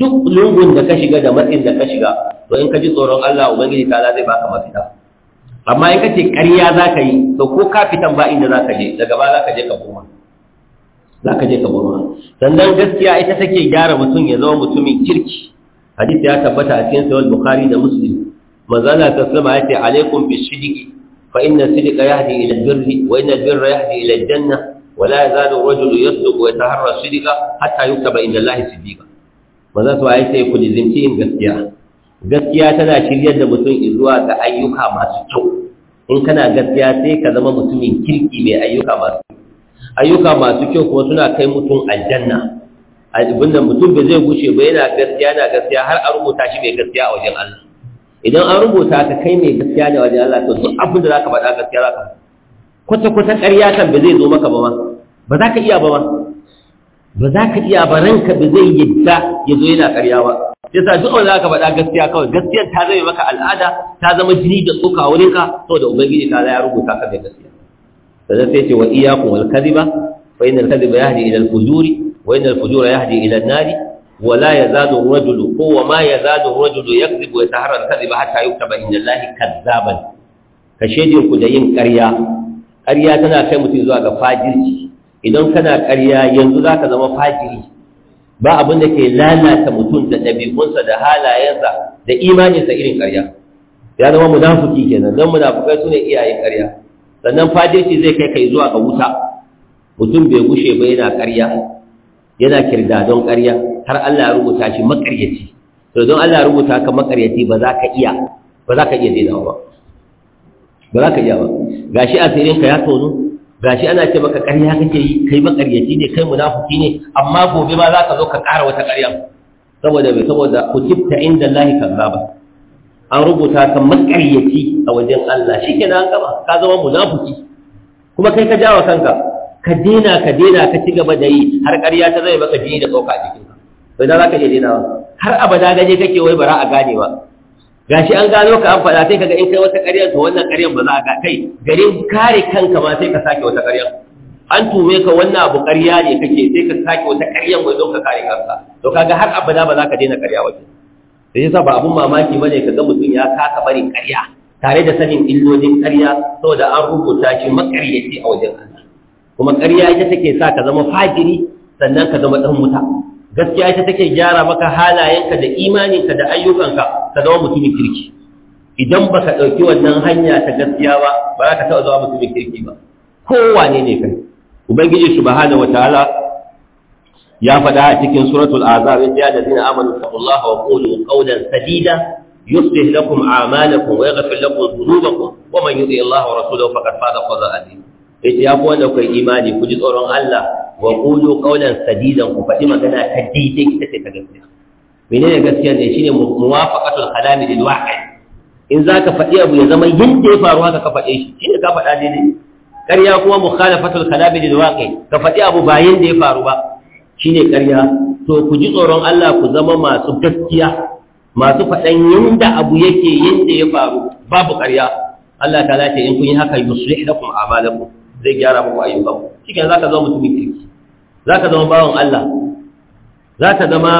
B: duk lungun da ka shiga da matsin da ka shiga to in ka ji tsoron Allah ubangiji ta zai baka mafita amma in ce ƙarya ka yi to ko ka fitan ba inda ka je daga ba ka je ka koma ka je ka koma sannan gaskiya ita take gyara mutum ya zama mutumin kirki hadisi ya tabbata a cikin sahih bukhari da muslim manzala ta sallama ya ce alaikum bishidiki Fa birri na فإن ya يهدي إلى البر وإن البر يهدي إلى الجنة ولا يزال الرجل يصدق ويتهرى الصدق حتى يكتب عند الله صديقا za su waye sai ku lizinci yin gaskiya gaskiya tana shiryar da mutum zuwa ga ayyuka masu kyau in kana gaskiya sai ka zama mutumin kirki mai ayyuka masu kyau. ayyuka masu kyau kuma suna kai mutum al-janna. aljanna abinda mutum ba zai gushe ba yana gaskiya na gaskiya har a rubuta shi mai gaskiya a wajen Allah idan an rubuta ka kai mai gaskiya ne wajen Allah to duk abin da zaka faɗa gaskiya zaka kwata kwata ƙarya kan ba zai zo maka ba ma ba za ka iya ba ma ba za ka iya ba ranka ba zai yadda ya zo yana ƙarya ba yasa duk wanda zaka faɗa gaskiya kawai gaskiyar ta zama maka al'ada ta zama jini da tsoka wurin ka saboda ubangiji ta ya rubuta ka da gaskiya sannan sai ce wa iyyakum al-kadhiba fa innal kadhiba yahdi ila al-fujuri wa innal fujura yahdi ila an-nari wala ya ar-rajulu ko wa ma yazalu ar-rajulu yakzibu wa yataharra al-kadhiba hatta yuktaba inda Allahi kadzaban ka shedin ku da yin ƙarya ƙarya tana kai mutum zuwa ga fajirci idan kana ƙarya yanzu zaka zama fajiri ba abin da ke lalata mutum da ɗabi'unsa da halayensa da imaninsa irin ƙarya ya zama munafiki kenan don munafukai su ne iyayen ƙarya sannan fajirci zai kai kai zuwa ga wuta mutum bai gushe ba yana ƙarya yana kirda don ƙarya har Allah ya rubuta shi makaryaci to don Allah ya rubuta ka makaryaci ba za ka iya ba za ka iya dainawa ba ba za ka iya ba gashi asirin ka ya tono gashi ana ce maka ƙarya kake yi kai makaryaci ne kai munafiki ne amma gobe ma za ka zo ka ƙara wata ƙarya saboda bai saboda ku kutibta inda Allah kazzaba an rubuta ka makaryaci a wajen Allah shikenan an gaba ka zama munafiki kuma kai ka jawo kanka ka dina ka dina ka ci gaba da yi har ƙarya ta zai maka jini da tsoka a jikin to idan zaka je ba. har abada gaje kake wai bara a gane ba gashi an gano ka an faɗa sai kaga in kai wata ƙarya to wannan ƙaryan ba za a ga kai garin kare kanka ma sai ka sake wata ƙaryar an tume ka wannan abu ƙarya ne kake sai ka sake wata ƙaryan mai don ka kare kanka to kaga har abada ba za ka daina ƙarya wajen da yasa ba abun mamaki bane kaga mutum ya kasa bari ƙarya tare da sanin illolin ƙarya saboda an rubuta shi makaryaci a wajen an kuma ƙarya ita take sa ka zama fajiri sannan ka zama ɗan wuta gaskiya ita take gyara maka halayenka da imaninka da ayyukanka ka zama mutumin kirki idan baka ɗauki wannan hanya ta gaskiya ba ba za ka taɓa zama mutumin kirki ba kowane ne kai ubangiji subhanahu wataala ya faɗa a cikin suratul azab ya da zina amanu taqullaha wa qulu qawlan sadida يصلح لكم أعمالكم ويغفر لكم ذنوبكم ومن يطع الله ورسوله فقد فاز فوزا عظيما yace ya ku wanda kai imani ku ji tsoron Allah wa qulu qawlan sadidan ku faɗi magana ta daidai ita ce ta gaskiya menene gaskiya ne shine muwafaqatul kalami lil waqi in zaka faɗi abu ya zama yinda ya faru haka ka faɗe shi shine ka faɗa daidai ƙarya kuma mukhalafatul kalami lil waqi ka faɗi abu ba yinda ya faru ba shine ƙarya to ku ji tsoron Allah ku zama masu gaskiya masu faɗan yinda abu yake yinda ya faru babu ƙarya Allah ta lace in kun yi haka yuslih lakum a'malakum zai gyara muku ayyukan shi za ka zama mutumin kirki za ka zama bawan Allah za zaka zama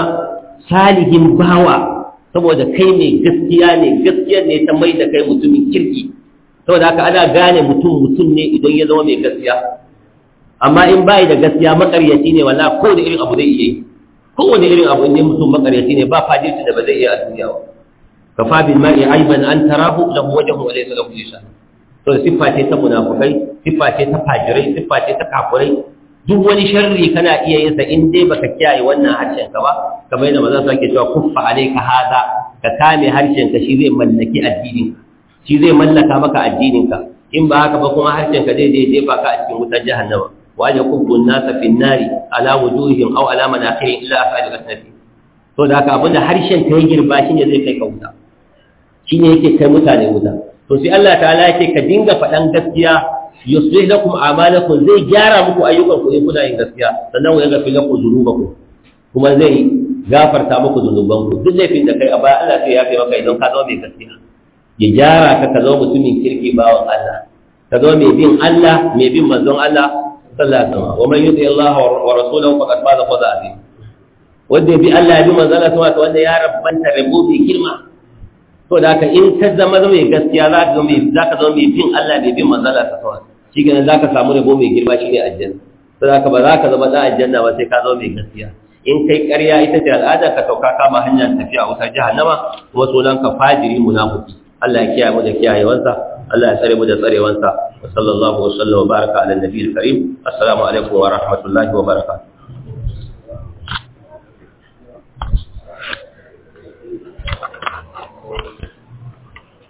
B: salihin bawa saboda kai ne gaskiya ne gaskiya ne ta mai da kai mutumin kirki saboda haka ana gane mutum mutum ne idan ya zama mai gaskiya amma in bai da gaskiya makaryaci ne wala ko da irin abu zai iya yi kowane irin abu ne mutum makaryaci ne ba fadirci da ba zai iya a duniya ba kafa bil mar'i aiban an tarahu lahu wajhu wa laysa lahu lisan to siffa ce ta munafukai siffa ce ta fajirai siffa ce ta kafurai duk wani sharri kana iya yin sa in dai baka kiyaye wannan harshen ka ba kamar yadda manzon sake cewa kuffa alayka hada ka kame harshen ka shi zai mallaki addinin shi zai mallaka maka addinin ka in ba haka ba kuma harshen ka zai dai ba ka a cikin wutar jahannama wa ya kubbu nasa fi nari ala wujuhihim aw ala manaqirin illa afal asnafi to da haka abinda harshen ka ya girba shi ne zai kai ka wuta shi ne yake kai mutane wuta to sai Allah ta'ala yake ka dinga faɗan gaskiya yuslih lakum a'malakum zai gyara muku ayyukan ku in kuna yin gaskiya sannan ya gafi lakum dhunubakum kuma zai gafarta muku dhunuban ku duk laifin da kai a baya Allah sai ya kai maka idan ka zama mai gaskiya ya gyara ka ka zama mutumin kirki bawan Allah ka zama mai bin Allah mai bin manzon Allah sallallahu alaihi wasallam wa man yuti Allah wa rasulahu faqad faza faza azim wanda bi Allah ya bi manzon Allah sallallahu wanda ya rabbanta rabu bi girma to da haka in ka zama zama mai gaskiya za ka zama mai bin Allah mai bin manzala ta kawai shi kenan za ka samu rabo mai girma shi ne aljanna to da haka ba za ka zama dan aljanna ba sai ka zama mai gaskiya in kai ƙarya ita ce al'ada ka sauka kama hanyar tafiya wutar jahannama kuma sunan ka fajiri munafiki Allah ya kiyaye mu da kiyayewansa Allah ya tsare mu da tsarewansa wa sallallahu wa sallama baraka ala nabiyil karim assalamu alaikum wa rahmatullahi wa barakatuh